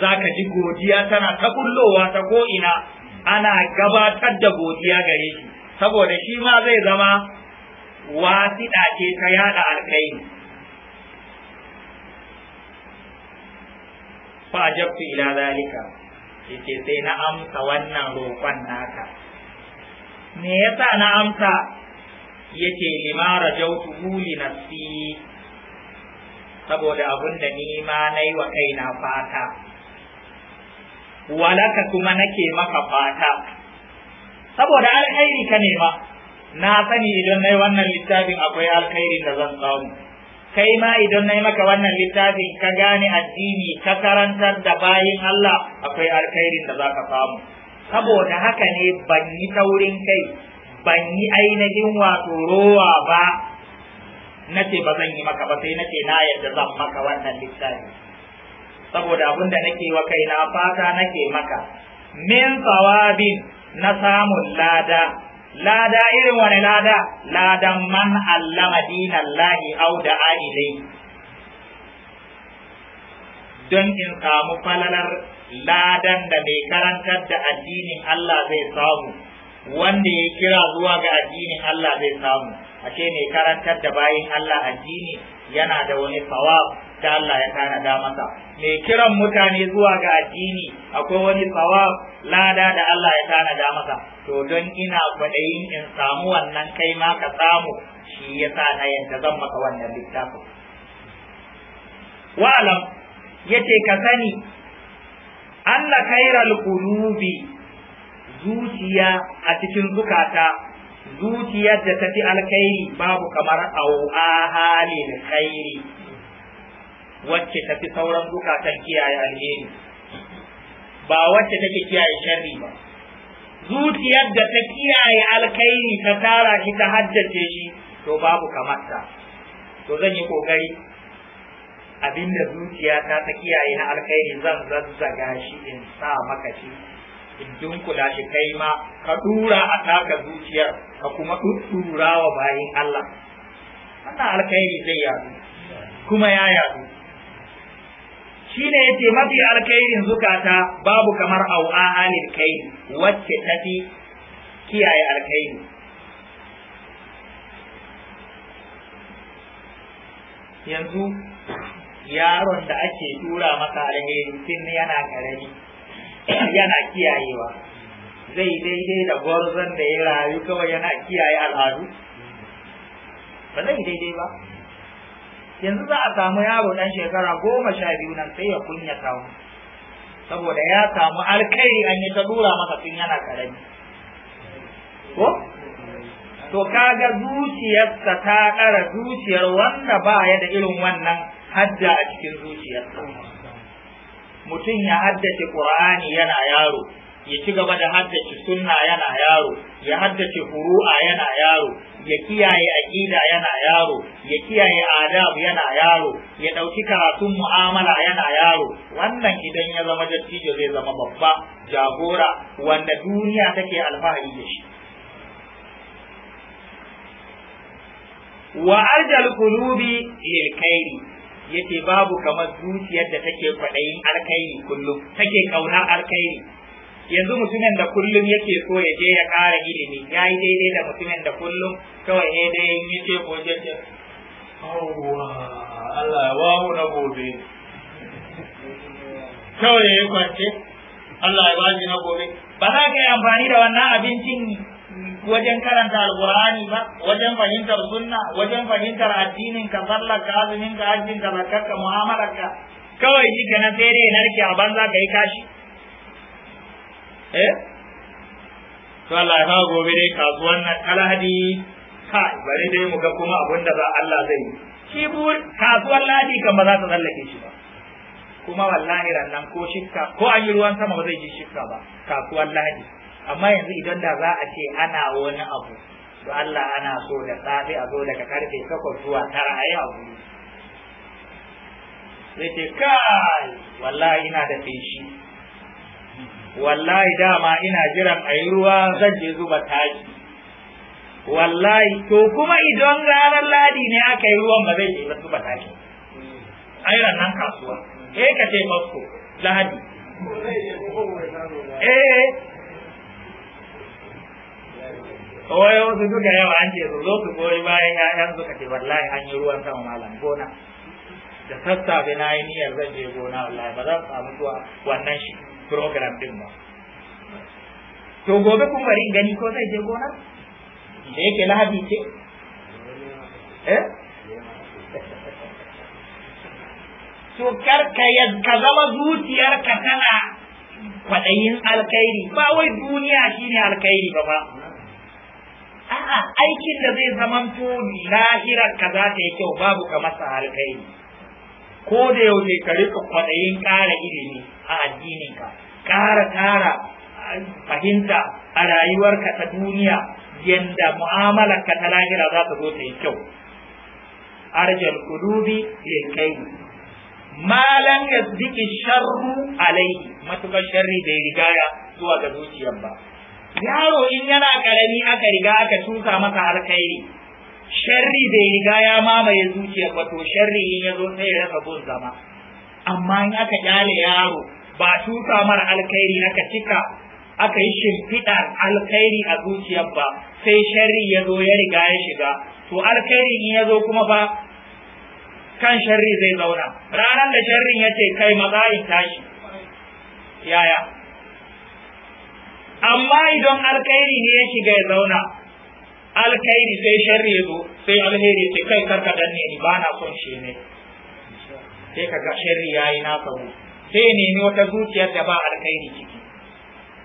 za ka ji godiya tana ta kullowa ta ko'ina ana gabatar da godiya gare shi saboda shi ma zai zama wasiɗa ce ta yada alkaini fa'ajabtu ila zalika yace sai na amsa wannan roƙon naka me yasa na amsa yace limara jautu li nafsi saboda abin da ni ma na yi wa kaina fata walaka kuma nake maka fata saboda alkhairi ka nema na sani idan na wannan littafin akwai alkhairin da zan samu kai ma idan na yi maka wannan littafin ka gane addini ka karantar da bayin Allah akwai alkhairin da za ka samu saboda haka ne ban yi taurin kai ban yi ainihin wato rowa ba Na ce ba zan yi maka ba sai nace na yadda zan maka wannan littafi saboda abin da nake wa kaina fata nake maka min sawabin na samun lada lada irin wani lada ladan man allama dinallahi au da ilai don in samu falalar ladan da mai karantar da addinin Allah zai samu wanda ya kira zuwa ga addinin Allah zai samu ashe mai karantar da bayin Allah addini yana da wani sawab da Allah ya tanada masa mai kiran mutane zuwa ga addini akwai wani sawab lada da Allah ya tanada masa to don ina kwaɗayin in samu wannan kai ma ka samu shi ya sa na yadda zan maka wannan littafin wa'alam yace ka sani anna khairal qulubi zuciya a cikin zukata zuciyar da ta fi alkhairi babu kamar halin khairi wacce ta fi sauran zukatan kiyaye alheri ba wacce take kiyaye sharri ba zuciyar da ta kiyaye alkhairi ta tara shi ta haddace shi to babu kamar ta to zan yi kokari abinda zuciya ta ta kiyaye na alkhairi zan zazzaga shi in sa maka shi in dunkula shi kai ma ka dura a taka zuciyar ka kuma ɗuɗɗura wa bayin Allah wannan alkhairi zai yadu kuma ya yadu shi ne ya ce mafi alkhairin zukata babu kamar au'a halin kai wacce ta fi kiyaye alkhairi yanzu yaron da ake tura masa alheri tun yana karami yana kiyayewa zai daidai da gwarzon da ya rayu kawai yana kiyaye al'adu ba zai daidai ba yanzu za a samu yaro ɗan shekara goma sha biyu nan sai ya kunya samu saboda ya samu alkhairi an yi ta dura masa tun yana karami ko to kaga zuciyarsa ta ƙara zuciyar wanda ba ya da irin wannan hadda a cikin zuciyarsa mutum ya haddace ƙur'ani yana yaro ya ci gaba da haddace sunna yana yaro ya haddace furu'a yana yaro ya kiyaye aqida yana yaro ya kiyaye adab yana yaro ya dauki karatun mu'amala yana yaro wannan idan ya zama dattijo zai zama babba jagora wanda duniya take alfahari da shi wa ajal qulubi lil kayri yace babu kamar zuciyar da take kwaɗayin alkairi kullum take kaunar alkairi yanzu mutumin da kullum yake so ya je ya ƙara ilimi ya yi daidai da mutumin da kullum kawai ne dai yin yake ko jeje Allah ya wawo na gobe kawai ya yi kwance Allah ya waji na gobe ba za ka yi amfani da wannan abincin wajen karanta alkur'ani ba wajen fahimtar sunna wajen fahimtar addinin ka sallar ka azumin ka hajjin ka zakkar ka mu'amalar ka kawai jika ka na sai dai narke a banza ka yi kashi Eh? to Allah ya kawo gobe dai kasuwan nan alhadi kai bari dai mu ga kuma abin da za Allah zai yi shi bu kasuwan ladi kan ba za ta tsallake shi ba kuma wallahi nan ko shikka ko an yi ruwan sama ba zai ji shikka ba kasuwan ladi amma yanzu idan da za a ce ana wani abu to Allah ana so da safe a zo daga karfe 8 zuwa tara a yi abu zai ce kai wallahi ina da feshi wallahi dama ina jiran a yi ruwa zan je zuba taki wallahi to kuma idan ranar ladi ne aka yi ruwan ba zai je ba zuba taki ai nan kasuwa eh ka ce masko lahadi eh wai wasu da yawa an ce su zo su goyi bayan ƴaƴan suka ce wallahi an yi ruwan sama malam gona da sassafe na yi niyyar zan je gona wallahi ba zan samu zuwa wannan shi program din ba to gobe kun bari gani ko zai je gona da yake lahadi ce eh to karka ya ka zama zuciyarka tana kwaɗayin alkhairi ba wai duniya shine alkairi ba ba a'a aikin da zai zamanto lahirar ka za ta yi kyau babu kamar sa alkairi ko da yaushe ka rika kwaɗayin ƙara ilimi a addininka ƙara tara ah, fahimta a rayuwarka ta duniya yadda ka ta lahira za ta zo ta yi kyau arjal kulubi lil kaidu malan yasdiki sharru alaihi matukar sharri bai rigaya zuwa ga zuciyar ba yaro in yana karami aka riga aka tusa masa alkhairi sharri bai riga ya mamaye zuciyar ba to sharri in ya zo sai ya rasa gun zama amma in aka kyale yaro ba tusa mara alkhairi aka cika aka yi shimfiɗar alkhairi a zuciyar ba sai sharri ya zo ya riga ya shiga to alkhairi in ya zo kuma ba kan sharri zai zauna ranar da sharrin ya ce kai maza in tashi yaya amma idan alkhairi ne ya shiga ya zauna alkhairi sai sharri zo sai alheri sai kai karka danne ni ba na son shi ne sai ka ga sharri yayi na sabu sai nemi wata zuciyar da ba alkhairi ciki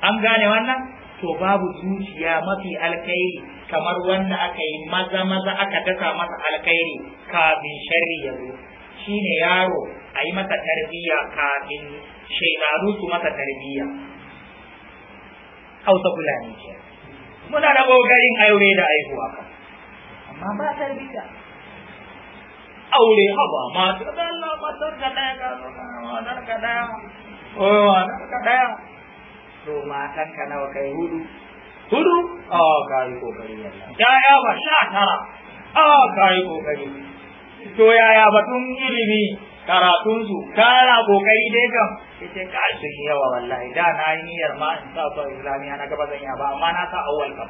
an gane wannan to babu zuciya mafi alkhairi kamar wanda aka yi maza maza aka dasa masa alkhairi kafin sharri ya zo shine yaro a yi masa tarbiyya kafin shaidaru su masa tarbiyya hausa fulani kenan muna da ƙoƙarin aure da aihuwa amma ba tarbiyya aure haba ma ta dalla matar ka daya ka matar ka daya o matar ka daya to matan ka nawa kai hudu hudu a kai kokari wallahi ya'ya ba sha tara a kai kokari to yaya batun ilimi karatunsu tara kokari dai kam ita ka sun yawa wallahi da na yi niyyar ma in sa su islamiya na gaba zan ba amma na sa awwal kam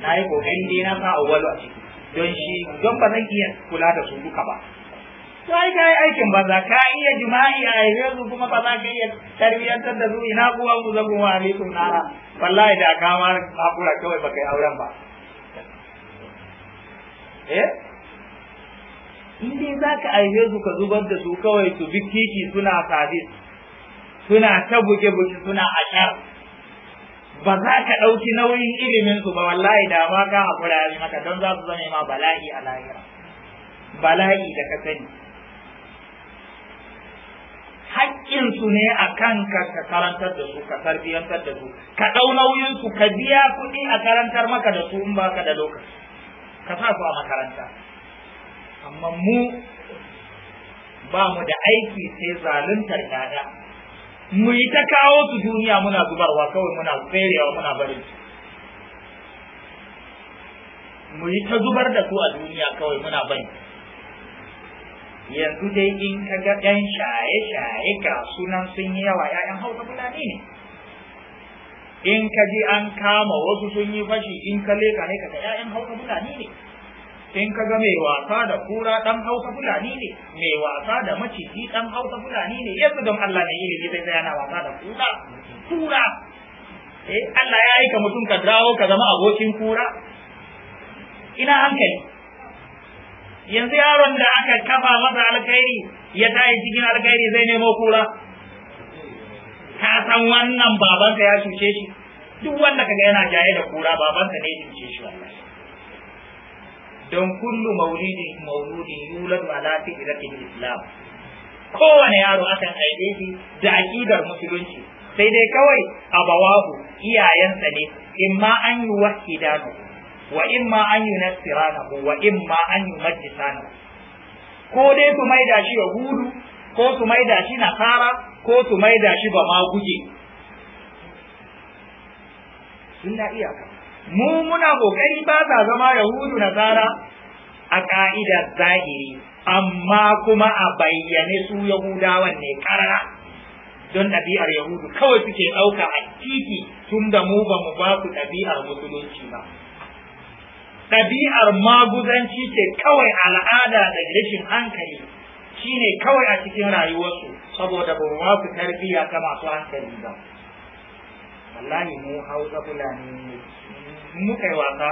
na yi kokari dai na sa awwal a ciki don shi don ba zan iya kula da su duka ba to ai ka yi aikin banza ka iya jima'i a haife su kuma ba za ka iya tarbiyyantar da su ina kuwa ku zagun wa alaikum nara wallahi da ka ma hakura kawai ba kai auren ba eh in dai za ka aihe su ka zubar da su kawai su bi titi suna sabis suna ta buge-buge suna ashar ba za ka ɗauki nauyin ilimin su ba wallahi da ma ka haƙura ya maka don za su zama ma bala'i a lahira bala'i da ka sani haƙƙinsu ne a kan ka karantar da su ka tarbiyyantar da su ka ɗau nauyin su ka biya kuɗi a karantar maka da su in ba ka da lokaci ka sa su a makaranta amma mu ba mu da aiki sai zaluntar gada mu yi ta kawo su duniya muna zubarwa kawai muna tserewa muna barin su mu yi ta zubar da su a duniya kawai muna bari yanzu dai in ka ga ɗan shaye-shaye ga sunan sun yi yawa ‘ya'yan hausa fulani ne in ka ji an kama wasu sun yi fashi in ka leka ne ka ga ‘ya'yan hausa fulani ne in ka ga mai wasa da kura dan hausa fulani ne mai wasa da maciji dan hausa fulani ne yadda don Allah ne ilimi zai tsaya na wasa da kura kura eh Allah ya aika mutum ka dawo ka zama abokin kura ina hankali yanzu yaron da aka kafa masa alkhairi ya tayi cikin alkhairi zai nemo kura ka san wannan babanka ya cuce shi duk wanda kaga yana jaye da kura babanka ne ya cuce shi wallahi don kullu maulidin mauludin yulad ala fitratil islam kowane yaro akan haife shi da aqidar musulunci sai dai kawai abawahu iyayensa ne imma an yi wahidanu wa imma an yi nasiranahu wa imma an yi majlisanahu ko dai su maida shi yahudu ko su maida shi nasara ko su maida shi ba ma guje sun iyaka mu muna kokari ba sa zama yahudu na tsara a ka'idar zahiri amma kuma a bayyane su yahudawan ne karara don ɗabi'ar yahudu kawai suke ɗauka a titi tun da mu ba mu ba ku ɗabi'ar musulunci ba ɗabi'ar maguzanci ce kawai al'ada da rashin hankali shine kawai a cikin rayuwarsu saboda ba ma su tarbiyya ta masu hankali ba wallahi mu hausa fulani ne muka yi wasa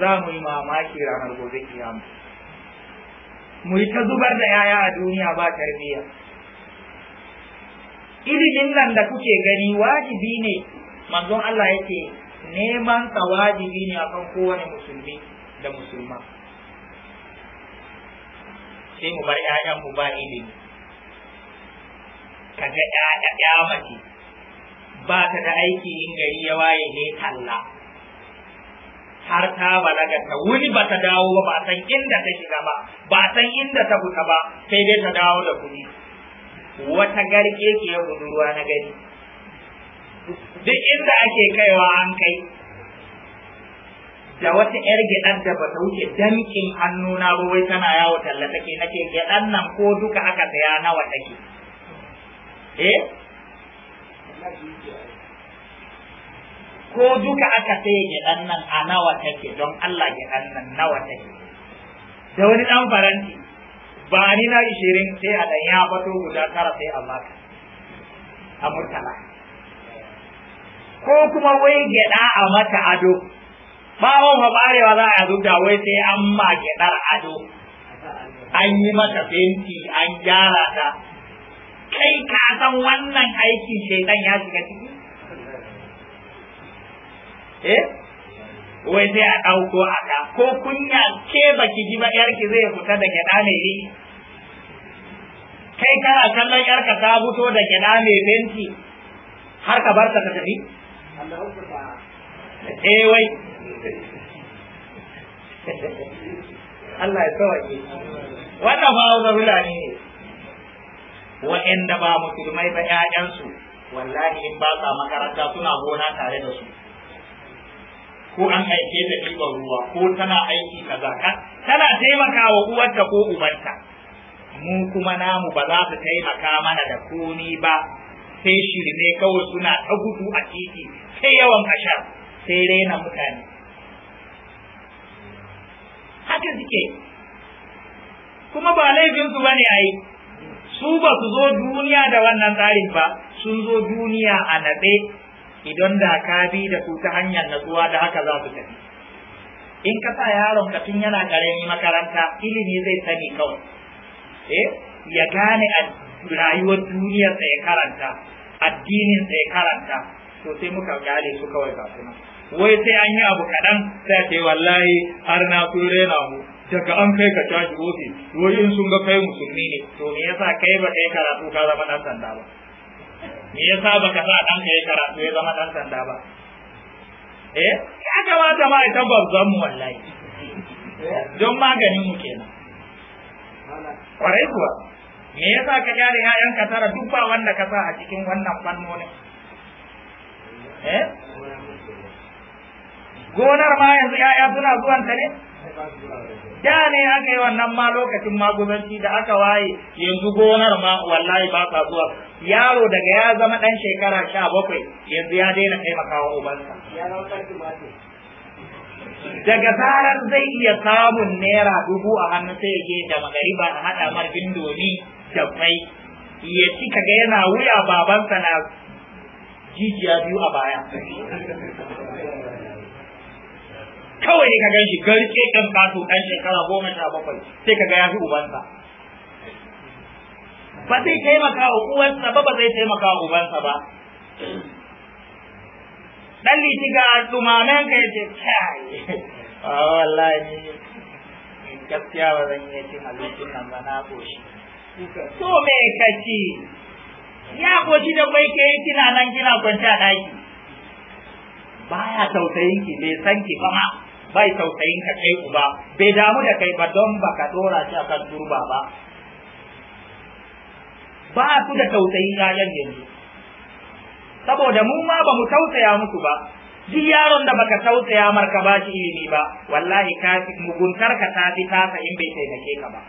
za mu yi mamaki ranar gobe kiyama mu yi ta zubar da yaya a duniya ba tarbiyya ilimin nan da kuke gani wajibi ne manzon Allah yake neman sa wajibi ne akan kowane musulmi da musulma sai mu bar ƴaƴan mu ba ilimi kaga ƴaƴa mace ba ta da aiki in gari ya waye ne Allah har ta balaga ta wuni ba ta dawo ba ba san inda ta shiga ba ba san inda ta fita ba sai dai ta dawo da kuɗi wata garke ke budurwa na gari duk inda ake kaiwa an kai da wata yar gyaɗar da ba ta wuce damkin hannuna ba wai tana yawo talla take nake Gyaɗan nan ko duka aka saya nawa take eh ko duka aka sai gidan nan a nawa take don Allah gidan nan nawa take da wani dan faranti ba ni na ishirin sai a dan ya bato guda tara sai a baka a murtala ko kuma wai gyaɗa a mata ado Ba bawon fa barewa za a da wai sai an ma gyaɗar ado an yi mata fenti an gyara ta kai ka san wannan aikin shaitan ya shiga ciki Eh? wai sai a ɗauko a ka. ko kunya ke baki ji ba yarki zai fita da gyaɗa mai ri kai kana kallon yarka ta fito da gyaɗa mai fenti har ka bar ta ta tafi eh wai Allah ya tsawaye wannan ba hausa fulani ne wa'anda ba musulmai ba 'ya'yansu wallahi in ba sa makaranta suna gona tare da su ko an aike ta ɗiban ruwa ko tana aiki kaza tana taimakawa uwarta ko ubanta. mu kuma namu ba za su taimaka mana da komi ba sai shirme kawai suna ta gudu a titi sai yawan kashar sai raina mutane haka suke kuma ba laifinsu ba ne a yi su ba su zo duniya da wannan tsarin ba sun zo duniya a natse idan da ka bi da ku ta hanyar natsuwa da haka za su tafi in ka sa yaron ka tun yana karami makaranta ilimi zai sani kawai eh ya gane a rayuwar duniyar sa ya karanta addinin sa ya karanta to sai muka gane su kawai ba su wai sai an yi abu kaɗan sai ce wallahi har na sun rena mu daga an kai ka tashi ofis wai in sun ga kai musulmi ne to me yasa kai ba kai karatu ka zama ɗan sanda ba me yasa baka sa ɗanka kai karatu ya zama ɗan sanda ba eh ya kamata ma ita babban mu wallahi don maganin mu kenan kwarai kuwa me yasa ka kyale ƴaƴan ka tara duk ba wanda ka sa a cikin wannan fannonin eh gonar ma yanzu ƴaƴa suna zuwan ta ne da ne aka yi wannan ma lokacin magudanci da aka waye yanzu gonar ma wallahi ba sa zuwa yaro daga ya zama dan shekara sha bakwai yanzu ya daina taimakawa ubansa daga tsarar zai iya samun naira dubu a hannu sai ya da magariba a haɗa marfin domi da kwai ya ci kaga yana wuya babansa na jijiya biyu a baya kawai ka gan shi garke kan kato ɗan shekara goma sha bakwai sai ka ga ya fi ubansa ba zai taimaka wa uwansa ba ba zai taimaka wa ubansa ba dan liti ga tumamen ka yace kai ah, wallahi gaskiya ba zan iya cin abincin nan ba na koshi to me kaci ya koshi da bai ke kina nan kina kwanta ɗaki. baya tausayin ki bai san ki ba ma bai tausayin ka kai ba. bai damu da kai ba don ka dora shi akan turba ba ba su da tausayin yanke yanzu saboda mu ma ba mu tausaya musu ba duk yaron da baka tausaya marka ba shi ilimi ba wallahi ka muguntar ka ta fi taka in bai taimake ka ba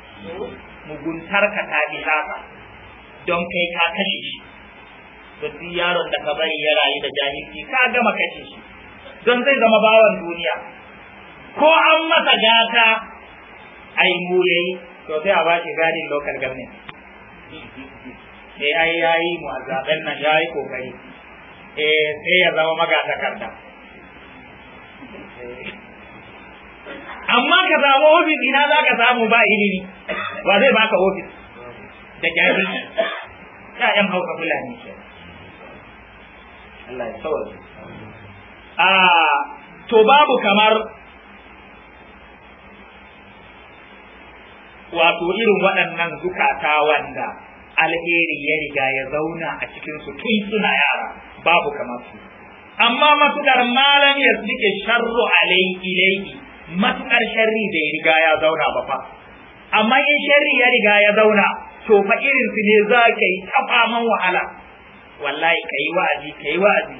muguntar ka ta fi taka don kai ka kashe shi da duk yaron da ka bari ya rayu da jahilci ka gama kashe shi don zai zama bawan duniya ko an masa gata ai mu yayi to sai a bashi gadin local government sai eh, ai yayi mu a nan yayi kokari eh sai ya zama karta. amma ka samu ofis ina za ka samu ba ilimi ba zai baka ofis da jari ƴaƴan hauka fulani Allah ya tsawar a ah, to babu kamar wato irin waɗannan zukata wanda alheri ya riga ya zauna a cikin su tun suna yara babu kamar su amma matukar malam ya suke sharru alai ilaihi matukar sharri da ya riga ya zauna ba fa amma in sharri ya riga ya zauna to fa irin su ne za ka yi tafaman wahala wallahi ka yi wa'azi ka yi wa'azi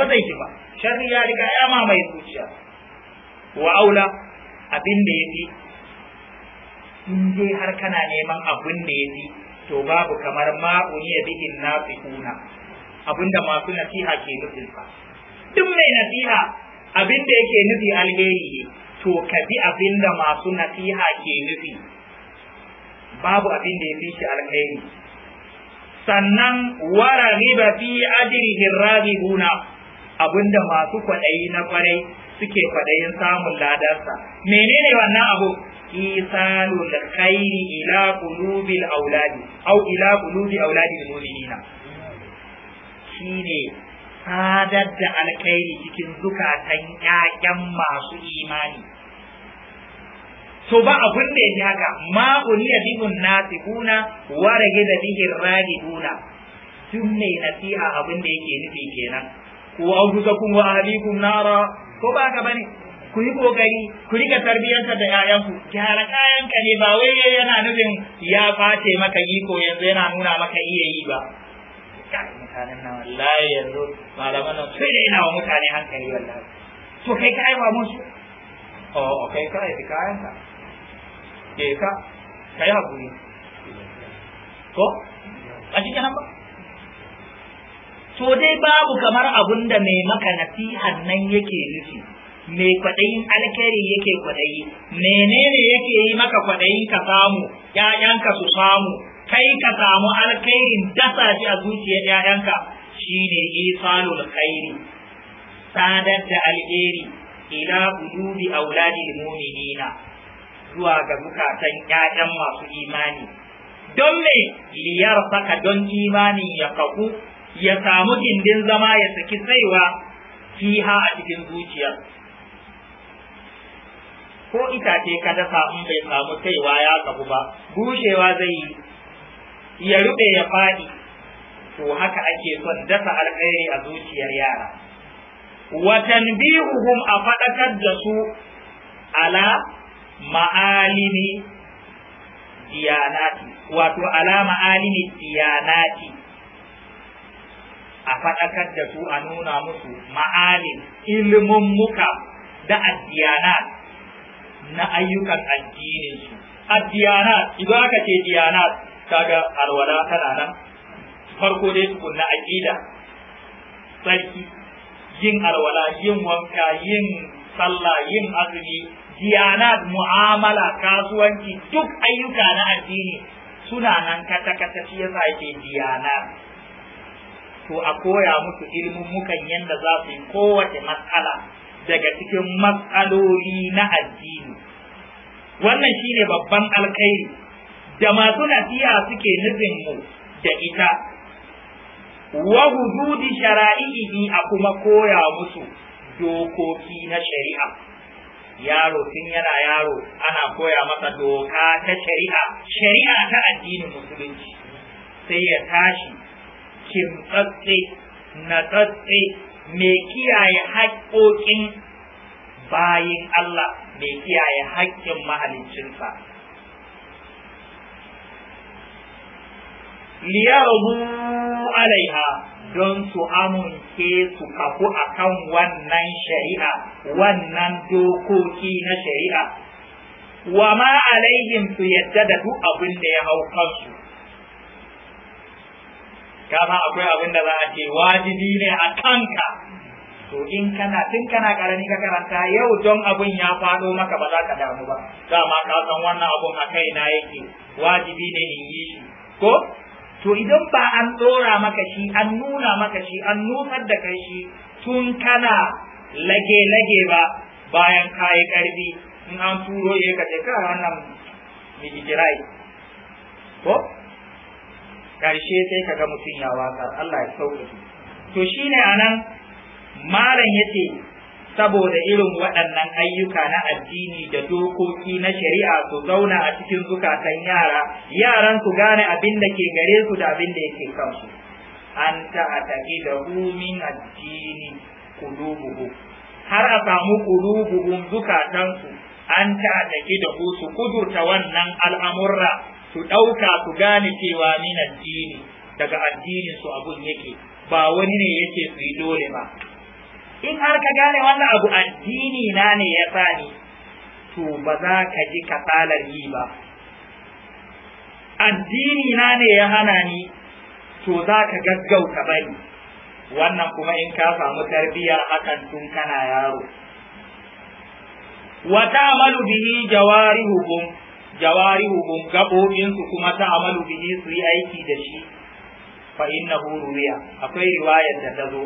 ba zai ki ba sharri ya riga ya mamaye zuciya wa aula abin da ya fi in dai har kana neman abin da ya fi to babu kamar ma'uniya bihin abin abinda masu nasiha ke nufin sa duk mai nasiha abin da yake nufi alheri ne to ka bi abin da masu nasiha ke nufi babu abin da ya fi shi alheri sannan wara riba fi ajrihin abin abinda masu kwaɗayi na kwarai suke kwaɗayin samun ladarsa menene wannan abu isanul khairi ila qulubil auladi au ila qulubi auladil mu'minina shine sadar da alkhairi cikin zukatan ƴaƴan masu imani to ba abun da yake haka ma uniya bihun nasihuna wa rage da bihin ragiduna duk mai nasiha abin da yake nufi kenan ko an kun wa ahlikum nara ko ba ka bane ku yi kokari ku rika tarbiyyarsa da ƴaƴanku gyara kayanka ne ba wai yana nufin ya face maka iko yanzu yana nuna maka iya yi ba mutanen na wallahi yanzu malaman nan sai da ina wa mutane hankali wallahi to kai ka aiwa musu o oh, o oh, kai ka yi kayanka ke ka kai hakuri ko a cikin nan ba to dai babu kamar abun da mai maka nasihan nan yake nufi me kwaɗayin alkhairi yake kwaɗayi menene yake yi maka kwaɗayin ka samu 'ya'yanka su samu kai ka samu alkhairin dasa shi a zuciyar ƴaƴanka shine isalul khairi sadar da alheri ila qulubi auladil mu'minina zuwa ga zukatan ƴaƴan masu imani don me liyar saka don imani ya kaku ya samu gindin zama ya saki saiwa fiha a cikin zuciyar ko itace ka dasa in bai samu kaiwa ya kafu ba bushewa zai yi ya rube ya faɗi to haka ake son dasa alkhairi a zuciyar yara wa tanbihuhum a faɗakar da su ala ma'alimi diyanati wato ala ma'alimi diyanati a faɗakar da su a nuna musu ma'alim ilmin muka da addiyanati na ayyukan addinin su addiyana idan aka ce diyana kaga alwala tana nan farko dai na aqida sarki yin alwala yin wanka yin sallah yin azumi diyanat mu'amala kasuwanci duk ayyuka na addini suna nan kata kata shi yasa yake diyanat to a koya musu ilimin mukan yanda za su yi kowace matsala daga cikin matsaloli na addini wannan shine babban alkhairi da masu nasiha suke nufin mu da ita wa hududi shara'ihi a kuma koya musu dokoki na shari'a yaro tun yana yaro ana koya masa doka ta shari'a shari'a ta addinin musulunci sai ya tashi kimtsatse natsatse mai kiyaye haƙƙoƙin bayin Allah mai kiyaye haƙƙin mahaliccinsa liyarbu alaiha don su amince su kafu kan wannan shari'a wannan dokoki na shari'a wa ma alaihim su yadda da duk abin da ya hau kansu kama akwai abin da za a ce wajibi ne a kanka to in kana tun kana karami ka karanta yau don abin ya faɗo maka ba za ka damu ba dama ka san wannan abun a na yake wajibi ne in yi shi ko to idan ba an ɗora maka shi an nuna maka shi an nutsar da kai shi tun kana lage-lage ba bayan kayi ƙarfi in an turo ya kace ka wannan bigirai ko ƙarshe sai ka ga mutum ya wasa Allah ya sauƙaƙe to shine anan malam yace saboda irin waɗannan ayyuka na addini da dokoki na shari'a su zauna a cikin zukatan yara yaran su gane abin da ke gare su da abin da yake kansu an ataki da rumin addini kulubuhu har a samu zukatan su an ataki da su kudurta wannan al'amurra su ɗauka su gane cewa min addini daga addinin su abun yake ba wani ne yake su yi dole ba in har ka gane wannan abu addini na ne ya sani to ba za ka ji kasalar yi ba addini na ne ya hana ni to za ka gaggauta bari wannan kuma in ka samu tarbiyyar hakan tun kana yaro wa ta'malu bihi jawarihukum jawarihuhum gaɓoɓinsu kuma ta amalu bihi su yi aiki da shi fa innahu ruwiya akwai riwayar da ta zo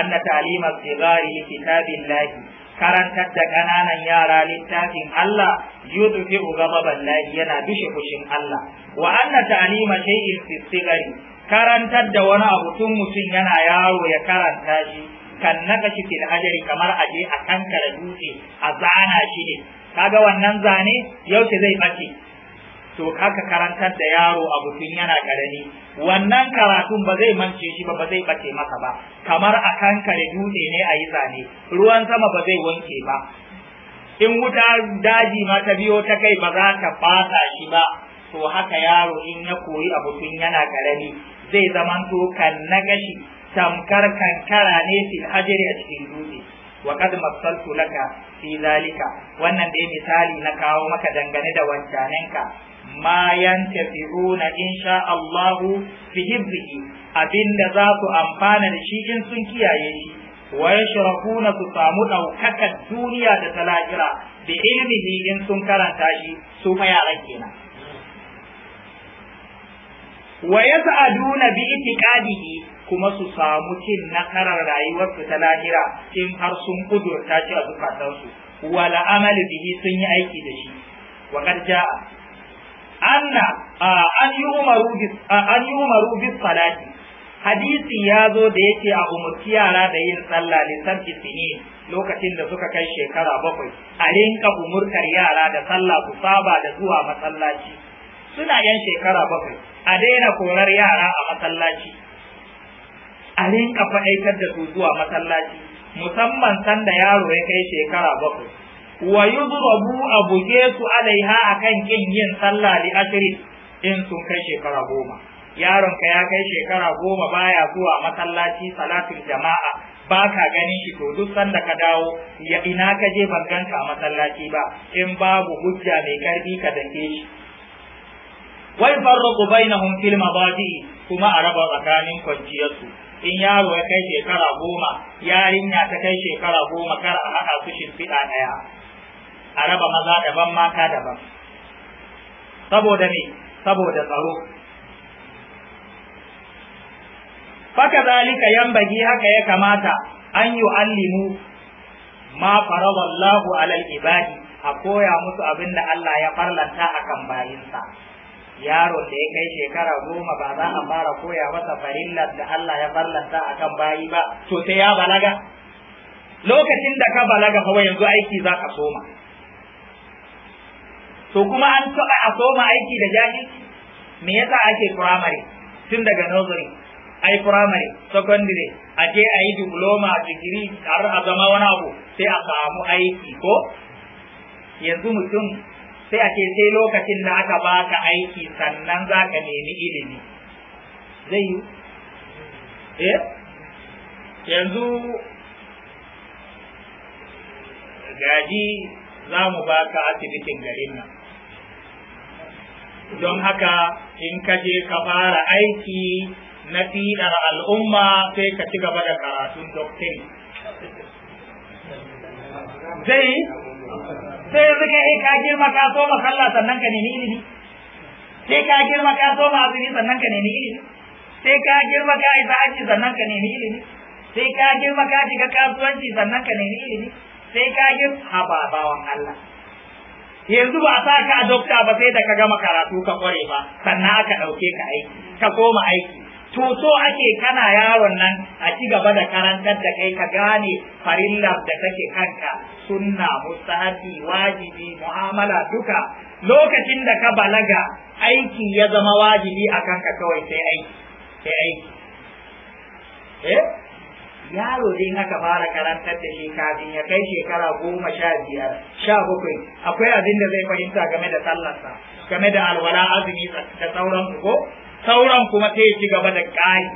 anna ta'lima sigari kitabillahi karantar da ƙananan yara littafin Allah yudfi'u gaba lahi yana bishe fushin Allah wa anna ta'lima shay'in fi sigari karantar da wani abu tun mutum yana yaro ya karanta shi kan naka shi fil kamar aje a kankara dutse a zana shi ne kaga wannan zane yaushe zai fake to haka karantar da yaro a mutum yana karani wannan karatun ba zai mance shi ba ba zai bace masa ba kamar a kankare dutse ne a yi zane ruwan sama ba zai wanke ba in wuta daji ma ta biyo ta kai ba za ta fasa shi ba to haka yaro in ya koyi a mutum yana karami zai zamanto kan na gashi tamkar kankara ne fil hajiri a cikin dutse wa qad massaltu laka fi wannan dai misali na kawo maka dangane da wancanenka Mayan yantafi'una na Allah fi hibbihi abinda za su amfana da shi in sun kiyaye shi wa yashrafuna su samu ɗaukakan duniya da ta lahira bi ilmihi in sun karanta shi su fa yaran kenan wa yas'aduna bi itiqadihi kuma su samu cin nasarar rayuwarsu ta lahira in har sun kudurta shi a su, wala amali bihi sun yi aiki da shi wa qad anna an yi Umaru bi salati hadisi ya zo da yake a umarci yara da yin sallah lisan sini lokacin da suka kai shekara bakwai a rinka umurkar yara da sallah ku saba da zuwa masallaci suna yan shekara bakwai a daina korar yara a masallaci a rinka faɗaitar da su zuwa masallaci musamman sanda yaro ya kai shekara bakwai wa yuzrabu a buge su alaiha akan kin yin sallah li ashri in sun kai shekara goma yaron ka ya kai shekara goma baya zuwa masallaci salatin jama'a ba ka ganin shi to duk sanda ka dawo ya ina ka je ban ganka a masallaci ba in babu hujja mai karfi ka dake shi wai farro bai na fil mabadi kuma a raba tsakanin kwanciyarsu in yaro ya kai shekara goma yarinya ta kai shekara goma kar a haɗa su shimfiɗa ɗaya a raba maza daban mata daban saboda ne saboda tsaro faka zalika bagi haka ya kamata an yi allimu ma farawallahu alal ibadi a koya musu abin da Allah ya farlanta akan bayinsa yaron da ya kai shekara goma ba za a fara koya masa farillar da Allah ya ballanta a kan bayi ba to sai ya balaga lokacin da ka balaga fa yanzu aiki za ka soma to kuma an taɓa a soma aiki da jahilci me yasa ake firamare tun daga nursery ai firamare secondary a je a yi diploma digiri har a zama wani abu sai a samu aiki ko yanzu mutum sai a ce sai lokacin da aka baka aiki sannan za ka nemi ilimi zai yi eh yanzu gaji za mu baka asibitin garin nan don haka in ka je ka fara aiki na fiɗar al'umma sai ka ci gaba da karatun doktin zai sai yanzu ka ka girma ka so ma sallah sannan ka nemi ilimi sai ka girma ka so ma azumi sannan ka nemi ilimi sai ka girma ka isa aji sannan ka nemi ilimi sai ka girma ka shiga kasuwanci sannan ka nemi ilimi sai ka girma ba bawan Allah yanzu ba sa ka a dokta ba sai da ka gama karatu ka kware ba sannan aka ɗauke ka aiki ka koma aiki to so ake kana yaron nan a ci gaba da karantar da kai ka gane farillar da take kanka sunna mustahabi wajibi mu'amala duka lokacin da ka balaga aiki ya zama wajibi a kanka kawai sai aiki sai aiki eh yaro dai aka fara karantar da shi kafin ya kai shekara goma sha biyar sha bakwai akwai abin da zai fahimta game da sallarsa game da alwala azumi da sauransu ko sauran kuma sai ci gaba da ƙari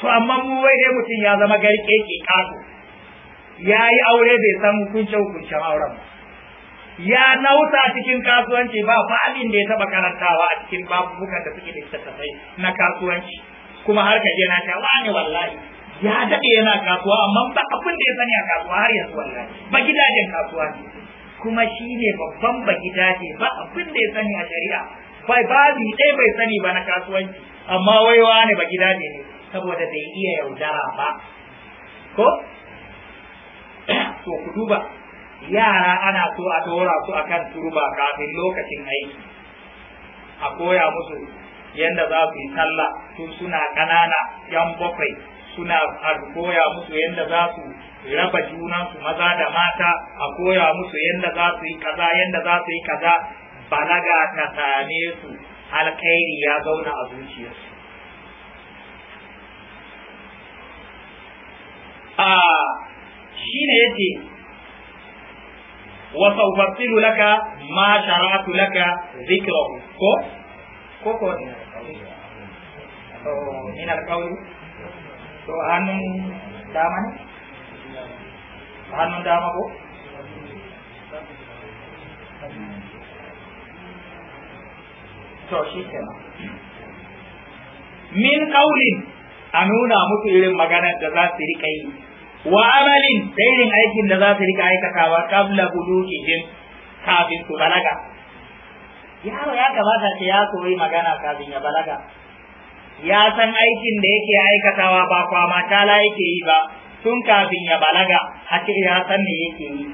to amma mu wai dai mutum ya zama ke ƙato ya yi aure bai san hukuncin hukuncin auren ba ya nauta cikin kasuwanci ba fa abin da ya taba karantawa a cikin babukan da suke da littattafai na kasuwanci kuma har ka je na ta wani wallahi ya dade yana kasuwa amma ba abin da ya sani a kasuwa har yanzu wallahi ba gidajen kasuwa ne kuma shi ne babban ba gidaje ba abin da ya sani a shari'a bai babi ɗaya bai sani ba na kasuwanci amma waiwa ne ba gida ne saboda bai iya yaudara ba ko to ku duba yara ana so a dora su akan turba kafin lokacin aiki a koya musu yadda za su yi sallah tun suna ƙanana yan bakwai suna A koya musu yadda za su raba junansu maza da mata a koya musu yadda za su yi kaza yadda za su yi kaza balaga ta same su alkhairi ya zauna a zuciyarsu a shi ne yake wa saufassilu laka ma sharatu laka zikrahu ko ko ko ne min alqawli to hannun dama ne hannun dama ko to shi kenan min qaulin a nuna musu irin magana da za su rika yi wa amalin da irin aikin da za su rika aikatawa kabla bulughihim kafin su balaga yaro ya kamata ce ya koyi magana kafin ya balaga ya san aikin da yake aikatawa ba kwama la yake yi ba tun kafin ya balaga hakika ya san me yake yi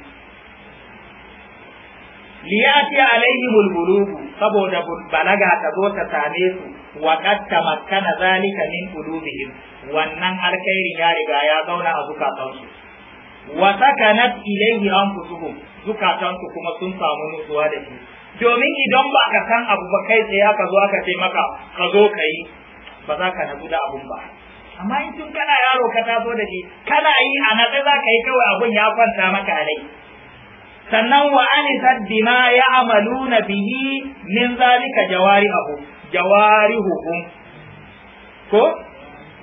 liyati Alayhi albulugu saboda balaga ta zo ta same su wa qad tamakkana zalika min qulubihim wannan alkhairin ya riga ya zauna a kansu. wa sakanat ilaihi anfusuhum zukatansu kuma sun samu nutsuwa da shi domin idan ba ka san abu ba kai sai aka zo aka ce maka ka zo ka yi ba za ka nazu da abun ba amma in tun kana yaro ka taso da shi kana yi a natsa za ka yi kawai abun ya kwanta maka a rai sannan wa anisat bima ya'maluna bihi min zalika jawarihu jawarihuhum ko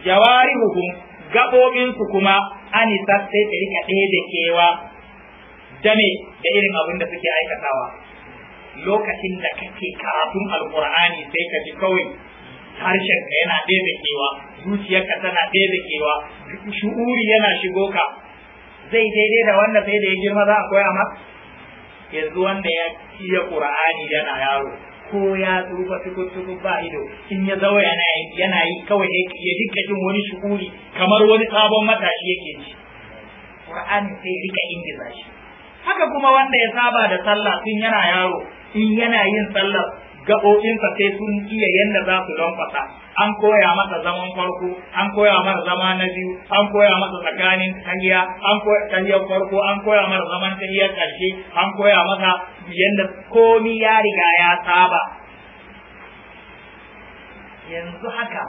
jawarihuhum gabobin su kuma anisat sai ta rika da kewa dame da irin abin da suke aikatawa lokacin da kake karatun alqur'ani sai ka ji kawai harshen ka yana da kewa zuciyarka tana da kewa shu'uri yana shigo ka zai daidai da wannan sai da ya girma za a koya maka yanzu wanda ya iya qur'ani yana yaro ko ya tsufa tukutuku ba ido in ya zawo yana yi kawai ya rika jin wani shukuri kamar wani sabon matashi yake ji qur'ani sai rika ingiza shi haka kuma wanda ya saba da sallah tun yana yaro in yana yin sallah gaɓoɓinsa sai sun iya yanda za su don fasa an koya masa zaman farko an koya masa zama na biyu an koya masa tsakanin tahiya an koya tahiyar farko an koya masa zaman tahiyar ƙarshe, an koya masa yadda komi ya riga ya saba yanzu haka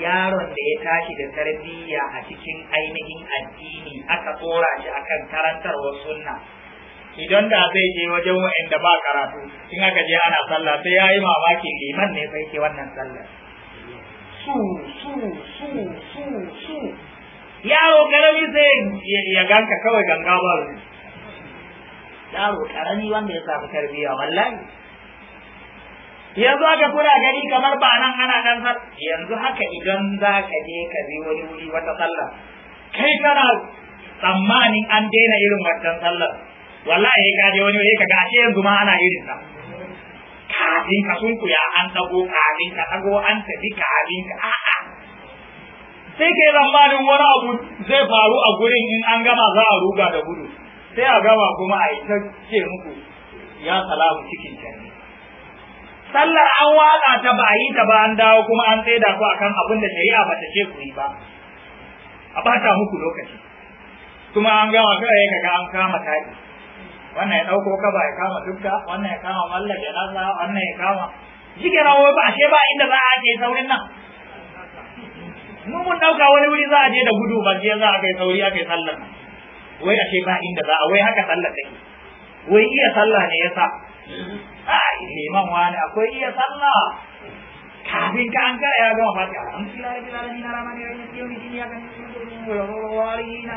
yaron da ya tashi da tarbiyya a cikin ainihin addini aka tsora shi akan karantarwar sunna idan da zai je wajen wa'anda ba karatu in aka je ana sallah sai ya yi mamakin liman ne sai ke wannan sallah su su su su su yaro karami sai ya ganka kawai ganga ba yaro karami wanda ya samu tarbiyya wallahi yanzu haka kula gari kamar ba nan ana dan yanzu haka idan za ka je ka je wani wuri wata sallah kai kana tsammanin an daina irin wannan sallar wallahi ka je wani ka ga ashe yanzu ma ana irin ta kafin ka sunkuya an dago kafin ka dago an tafi kafin ka a'a sai kai zamanin wani abu zai faru a gurin in an gama za a ruga da gudu sai a gama kuma a yi ta ce muku ya salamu cikin jami sallar an watsa ta ba a yi ta ba an dawo kuma an tsaida ku akan abin da shari'a ba ta ce ku yi ba a bata muku lokaci kuma an gama kawai ka ga an kama tari wannan ya ɗauko kaba ya kama dukka wannan ya kama mallaka ya nasa wannan ya kama jike na wai ba ashe ba inda za a ke saurin nan mun mun ɗauka wani wuri za a je da gudu ba je za a kai sauri a kai sallar wai ashe ba inda za a wai haka sallar take wai iya sallah ne ya sa liman wani akwai iya sallah kafin ka an kara ya gama fatiha an ni na ramani ya yi ya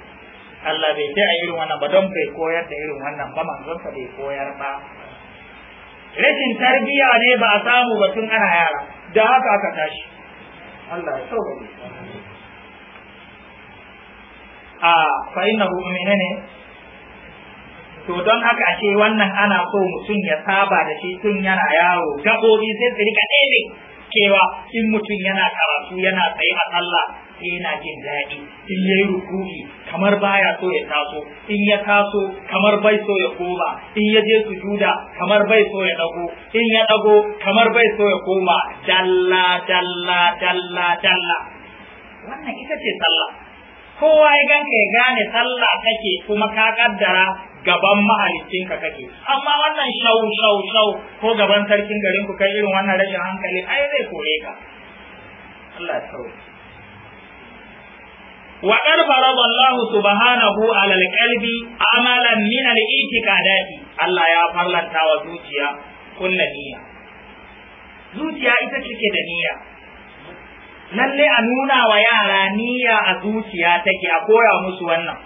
Allah bai ce a irin wannan ba don bai koyar da irin wannan ba manzonsa bai koyar ba rashin tarbiyya ne ba a samu ba tun ana yara da haka aka tashi Allah ya sauka ne a fa innahu menene to don haka ashe wannan ana so mutum ya saba da shi tun yana yaro gabobi sai su rika ɗebe kewa in mutum yana karatu yana tsaye a sallah sai yana jin daɗi in yayi ruku'i kamar baya so ya taso in ya taso kamar bai so ya koma in ya je sujuda kamar bai so ya dago in ya dago kamar bai so ya koma dalla dalla dalla dalla wannan ita ce sallah kowa ya ganka ya gane sallah kake kuma ka kaddara gaban ka kake amma wannan shau shau shau ko gaban sarkin garin ku kai irin wannan rashin hankali ai zai kore ka Allah ya wa qad farada Allah subhanahu ala al-qalbi amalan min al-i'tiqadati Allah ya farlanta wa zuciya kullu niyya zuciya ita take da niyya lalle a nuna wa yara niyya a zuciya take a koya musu wannan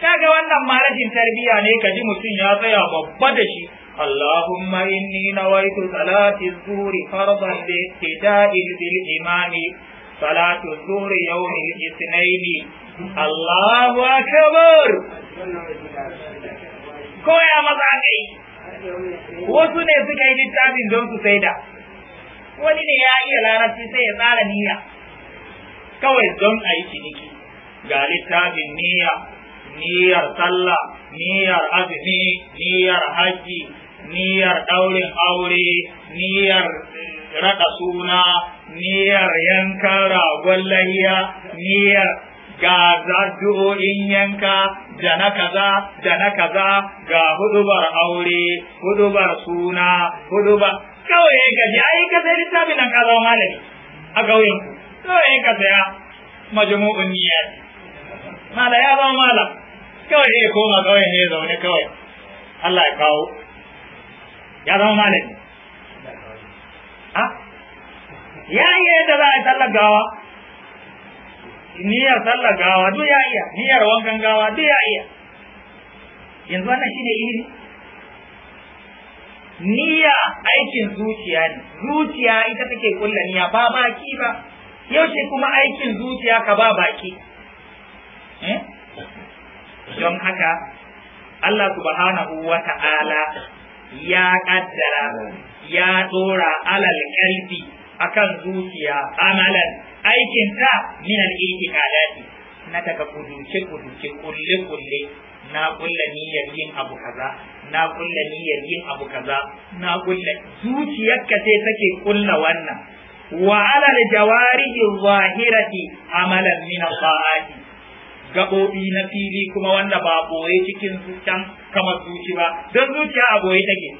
kaga wannan ma tarbiyya tarbiya ne ka ji mutum ya tsaya babba da shi اللهم إني نويت صلاة الظهر فرضا باقتداء بالإمام صلاة الظهر يوم الاثنين الله أكبر koya maza wasu ne suka yi littafin don su saida wani ne ya iya larabci sai ya tsara niyya kawai don aiki yi ciniki ga littafin niyya niyyar sallah niyyar azumi niyyar hajji, niyyar daurin aure niyyar raɗa suna niyyar yankan ragon lahiya niyyar ga zaddu'o'in yanka da na kaza da na kaza ga hudubar aure hudubar suna huduba. kawai ya gaji ai ka sai littafin nan kaza malami a kauyen kawai ka saya majmu'un niyyar mala ya ba mala kawai ya koma kawai ne zaune kawai Allah ya kawo ya zama malami ah ya iya yadda za a yi sallar gawa niyyar sallar gawa duk ya iya niyyar wankan gawa duk ya iya yanzu wannan ne ilimi niyya aikin zuciya ne zuciya ita take kulla niyya ba baki ba yaushe kuma aikin zuciya ka ba baki eh? don haka Allah subhanahu wa ta'ala ya kaddara ya tsora alal kalbi akan zuciya amalan aikin ta min al-i'tiqadati na daga kuduce kuduce kulle kulle na kulla niyyar yin abu kaza na kulla niyyar yin abu kaza na kulla ka sai take kulla wannan wa ala al-jawarihi zahirati amalan min al-ta'ati gaɓoɓi na fili kuma wanda ba boye cikin zuciyan kamar zuci ba don zuciya a boye take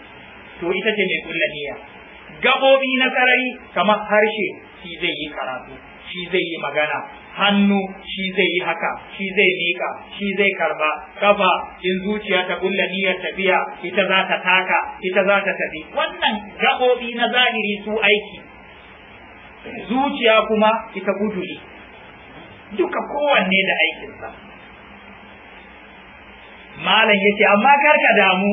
to ita ce mai kulla niyya gabobi na sarari kamar harshe shi zai yi karatu shi zai yi magana hannu shi zai yi haka shi zai miƙa shi zai karba kafa in zuciya ta kulla niyyar tafiya ita za ta taka ita za ta tafi wannan gabobi na zahiri su aiki zuciya kuma ita guduri duka kowanne da aikinsa malam yake amma kar ka damu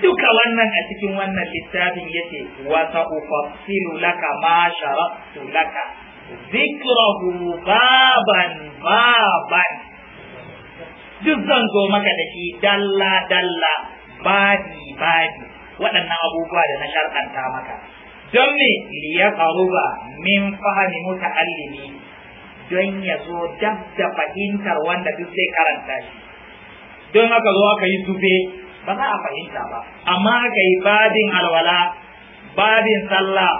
duka wannan a cikin wannan littafin yake wa sa'ufassilu laka ma sharattu laka zikrahu baban baban duk zan zo maka da shi dalla dalla badi badi waɗannan abubuwa da na shar'anta maka don me liya faruba min fahimi muta'allimi don ya zo dab fahimtar wanda duk zai karanta shi don haka zo aka yi zube? ba za a fahimta ba amma ka yi babin alwala babin sallah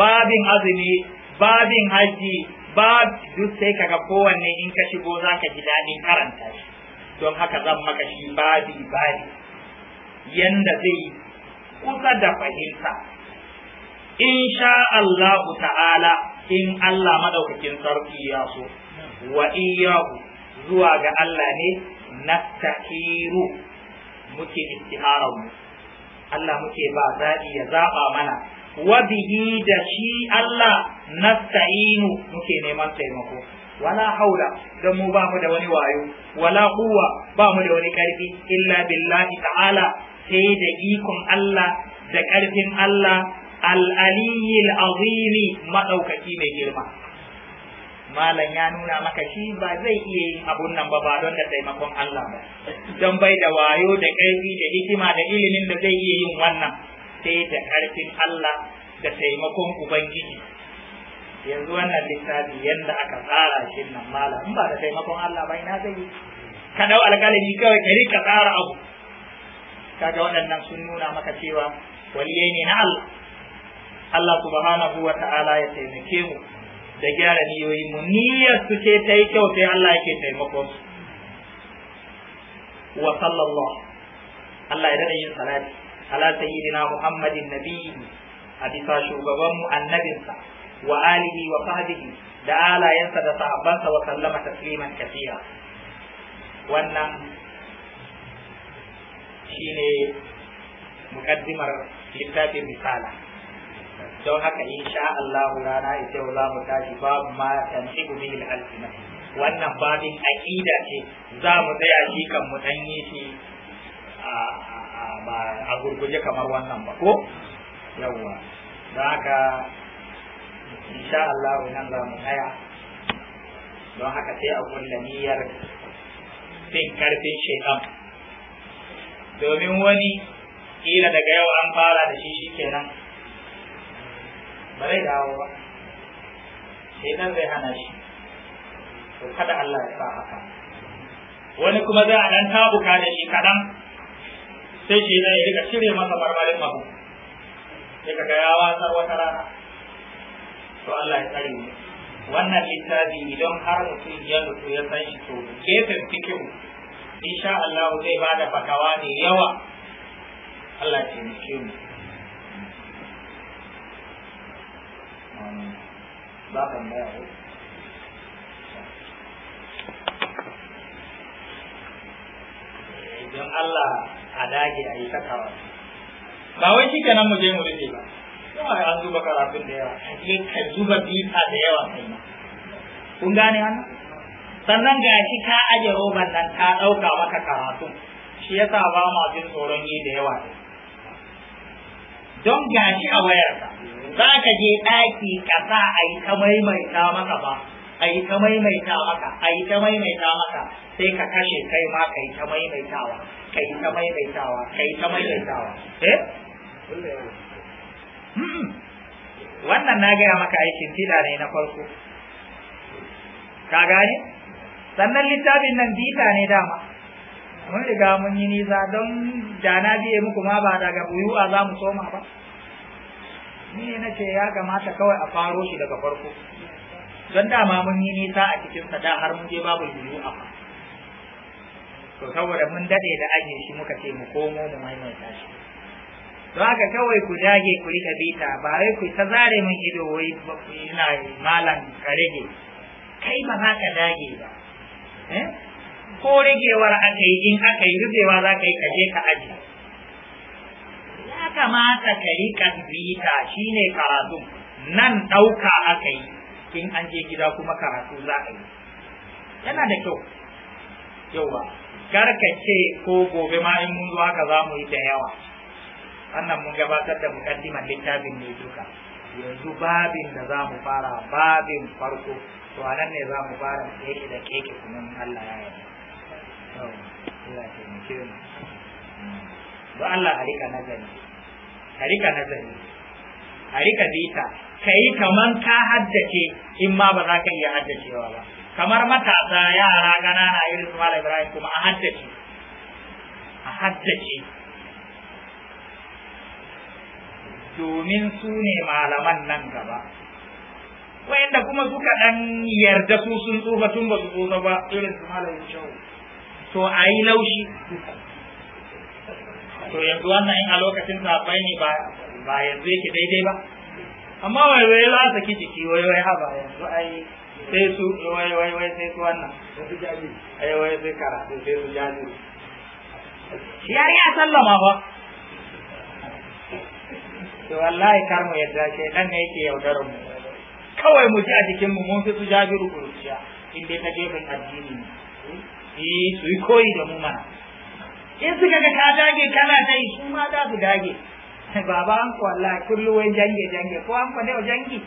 babin azumi babin haji ba duk sai kaga kowanne in ka shigo za ka ji daɗin karanta shi don haka zan maka shi babi babi yanda zai kusa da fahimta sha Allah ta'ala in Allah madaukakin sarki ya so wa iyyahu zuwa ga Allah ne nastahiru muke istiharar mu Allah muke ba zaɓi ya zaɓa mana wa bihi da shi Allah nasta'inu muke neman taimako wala haula don mu ba mu da wani wayo wala kuwa ba mu da wani ƙarfi. illa billahi ta'ala sai da ikon Allah da ƙarfin Allah al-aliyyil azimi madaukaki mai girma malam ya nuna maka shi ba zai iya yin abun nan ba ba don da taimakon Allah ba don bai da wayo da ƙarfi da hikima da ilimin da zai iya yin wannan sai da ƙarfin Allah da taimakon Ubangiji yanzu wannan littafi yadda aka tsara shi nan malam in ba da taimakon Allah ba ina zai yi ka dau alƙalami kawai ka rika tsara abu kaga waɗannan sun nuna maka cewa waliyai ne na Allah Allah subhanahu wa ta'ala ya taimake mu da gyara niyoyin mu niyyar su ce ta yi kyau sai Allah yake taimakon su wa sallallahu Allah ya dade yin salati ala sayyidina Muhammadin nabiyyi a bisa shugaban mu annabinsa wa alihi wa sahbihi da alayensa da sahabbansa wa sallama tasliman kathira wannan shine muƙaddimar littafin misala. don haka insha Allah rana ita za mu tashi babu ma tanhibu bihi al-alfina wannan babin aqida ce za mu tsaya shi kan mu dan yi shi a gurguje kamar wannan ba ko yawwa don haka insha Allah nan za mu tsaya don haka sai a kulla niyyar bin karfin shaitan domin wani kila daga yau an fara da shi kenan. ba zai dawo ba nan zai hana shi to kada Allah ya sa haka wani kuma zai a ɗan buka da shi kaɗan sai shaitan ya rika shirya masa marmarin mahu sai kaga ya watsar wata rana to Allah ya tsare mu wannan littafi idan har mutum ya mutu ya san shi to gefen fikiru insha Allah zai ba da fakawa ne yawa Allah ya taimake mu babin na yau don Allah a dage a yi sakawa ba wai shi kenan mu je mu rufe ba kuma an zuba karafin da yawa a je ka zuba bita da yawa kai ma kun gane hannu sannan ga shi ka aje roban nan ta ɗauka maka karatu shi yasa ba ma jin tsoron yi da yawa don gashi a wayar ka, za ka je ɗaki ƙasa a yi ta maimaita maka ba a yi ta maimaita maka a yi ta maimaita maka sai ka kashe kai ma ka yi ta maimaitawa ka yi ta maimaitawa ka yi ta maimaitawa eh wannan na gaya maka aikin tida ne na farko ka gane sannan littafin nan bita ne dama mun riga mun yi nisa don da na biye muku ma ba daga a za mu soma ba ni ne na ce ya kamata kawai a faro shi daga farko don dama mun yi nisa a cikin da har mun je babu a ba to saboda mun dade da ake shi muka ce mu komo mu maimaita shi to haka kawai ku dage ku rika bita ba wai ku ta zare mun ido wai ina malam ka rage kai ba za ka dage ba eh? ko ragewar aka yi in aka yi rufewa za ka yi kaje ka aji ya kamata ka riƙa bita ne karatu nan ɗauka aka yi kin an je gida kuma karatu za a yi yana da kyau yauwa kar ka ce ko gobe ma in mun zo haka za mu yi da yawa wannan mun gabatar da mukaddimar littafin ne duka yanzu babin da za mu fara babin farko to a nan ne za mu fara keke da keke kuma Allah ya yarda Mm. don Allah a rika nazari a rika nazari a rika bita ka yi ka haddace in ma ba za ka iya haddacewa ba kamar matasa yara ganana irin su malam ibrahim kuma a haddace a haddace domin su ne malaman nan gaba wayanda kuma suka dan yarda su sun tsufa tun ba su tsufa ba irin su malam shawu to a yi laushi to yanzu wannan in a lokacin safai ne ba yanzu yake daidai ba amma wai wai la saki jiki wai wai haba yanzu ai sai su wai wai wai sai su wannan ai wai sai karatu sai su jaji yari ya sallama ba to wallahi kar mu yadda ke dan ne yake yaudaro mu kawai mu ji a jikin mu mun fi su jabiru kuruciya in dai ta gefen addini ne eh su yi koyi da mu mana in suka ga ka dage kana ta yi su ma za su dage baba an ko Allah kullu wai jange jange ko an ko ne jangi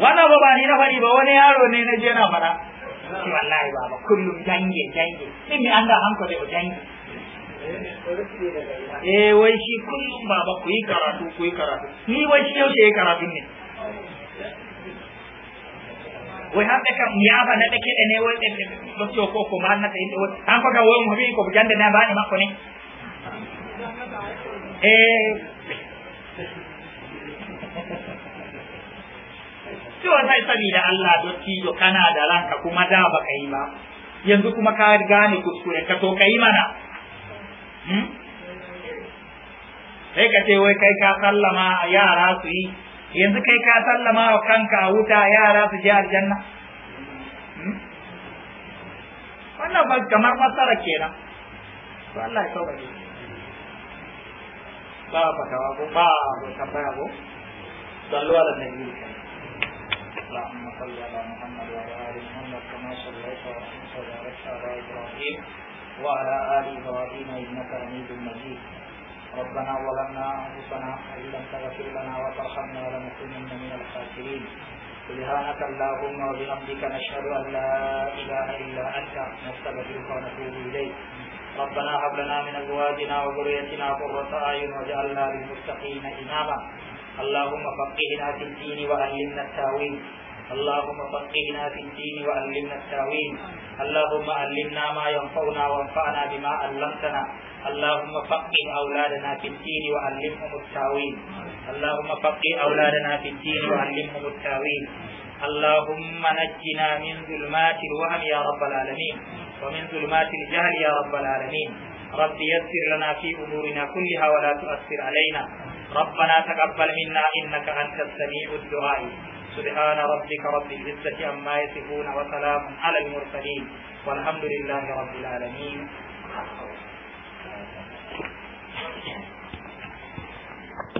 wannan ba ni na fari ba wani yaro ne na je na fara shi wallahi baba kullum jange jange sai mi an da hanko da jange eh wai shi kullum baba ku yi karatu ku yi karatu ni wai shi yaushe ya karatu ne wai hande kam ya ba na dake ne wai do to ko ko man na tayi wai an ko ga wai mu bi ko jande na bani mako ne eh to sai da Allah dotti yo kana da ranka kuma da ba kai ba yanzu kuma ka gane kuskure ka to kai mana hmm? sai ka ce wai kai ka sallama yara su yi yanzu kai ka sallama wa kanka a wuta yara su je aljanna hmm? wannan ba kamar masara kenan to Allah ya ba ba ka ba sallu ala nabi اللهم صل على محمد وعلى ال محمد كما صليت على ابراهيم وعلى ال ابراهيم انك حميد مجيد ربنا ظلمنا انفسنا ان لم تغفر لنا وترحمنا لنكونن من الخاسرين سبحانك اللهم وبحمدك نشهد ان لا اله الا انت نستغفرك ونتوب اليك ربنا هب لنا من ازواجنا وذريتنا قرة اعين واجعلنا للمتقين اماما اللهم فقهنا في الدين وعلمنا التاويل اللهم فقهنا في الدين وعلمنا التاويل اللهم علمنا ما ينفعنا وانفعنا بما علمتنا اللهم فقه أولادنا في الدين وعلمهم التاويل اللهم فقه أولادنا في الدين وعلمهم التاويل اللهم نجنا من ظلمات الوهم يا رب العالمين ومن ظلمات الجهل يا رب العالمين رب يسر لنا في أمورنا كلها ولا تؤثر علينا ربنا تقبل منا إنك أنت السميع الدعاء سبحان ربك رب العزة عما يصفون وسلام على المرسلين والحمد لله رب العالمين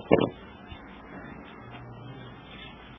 है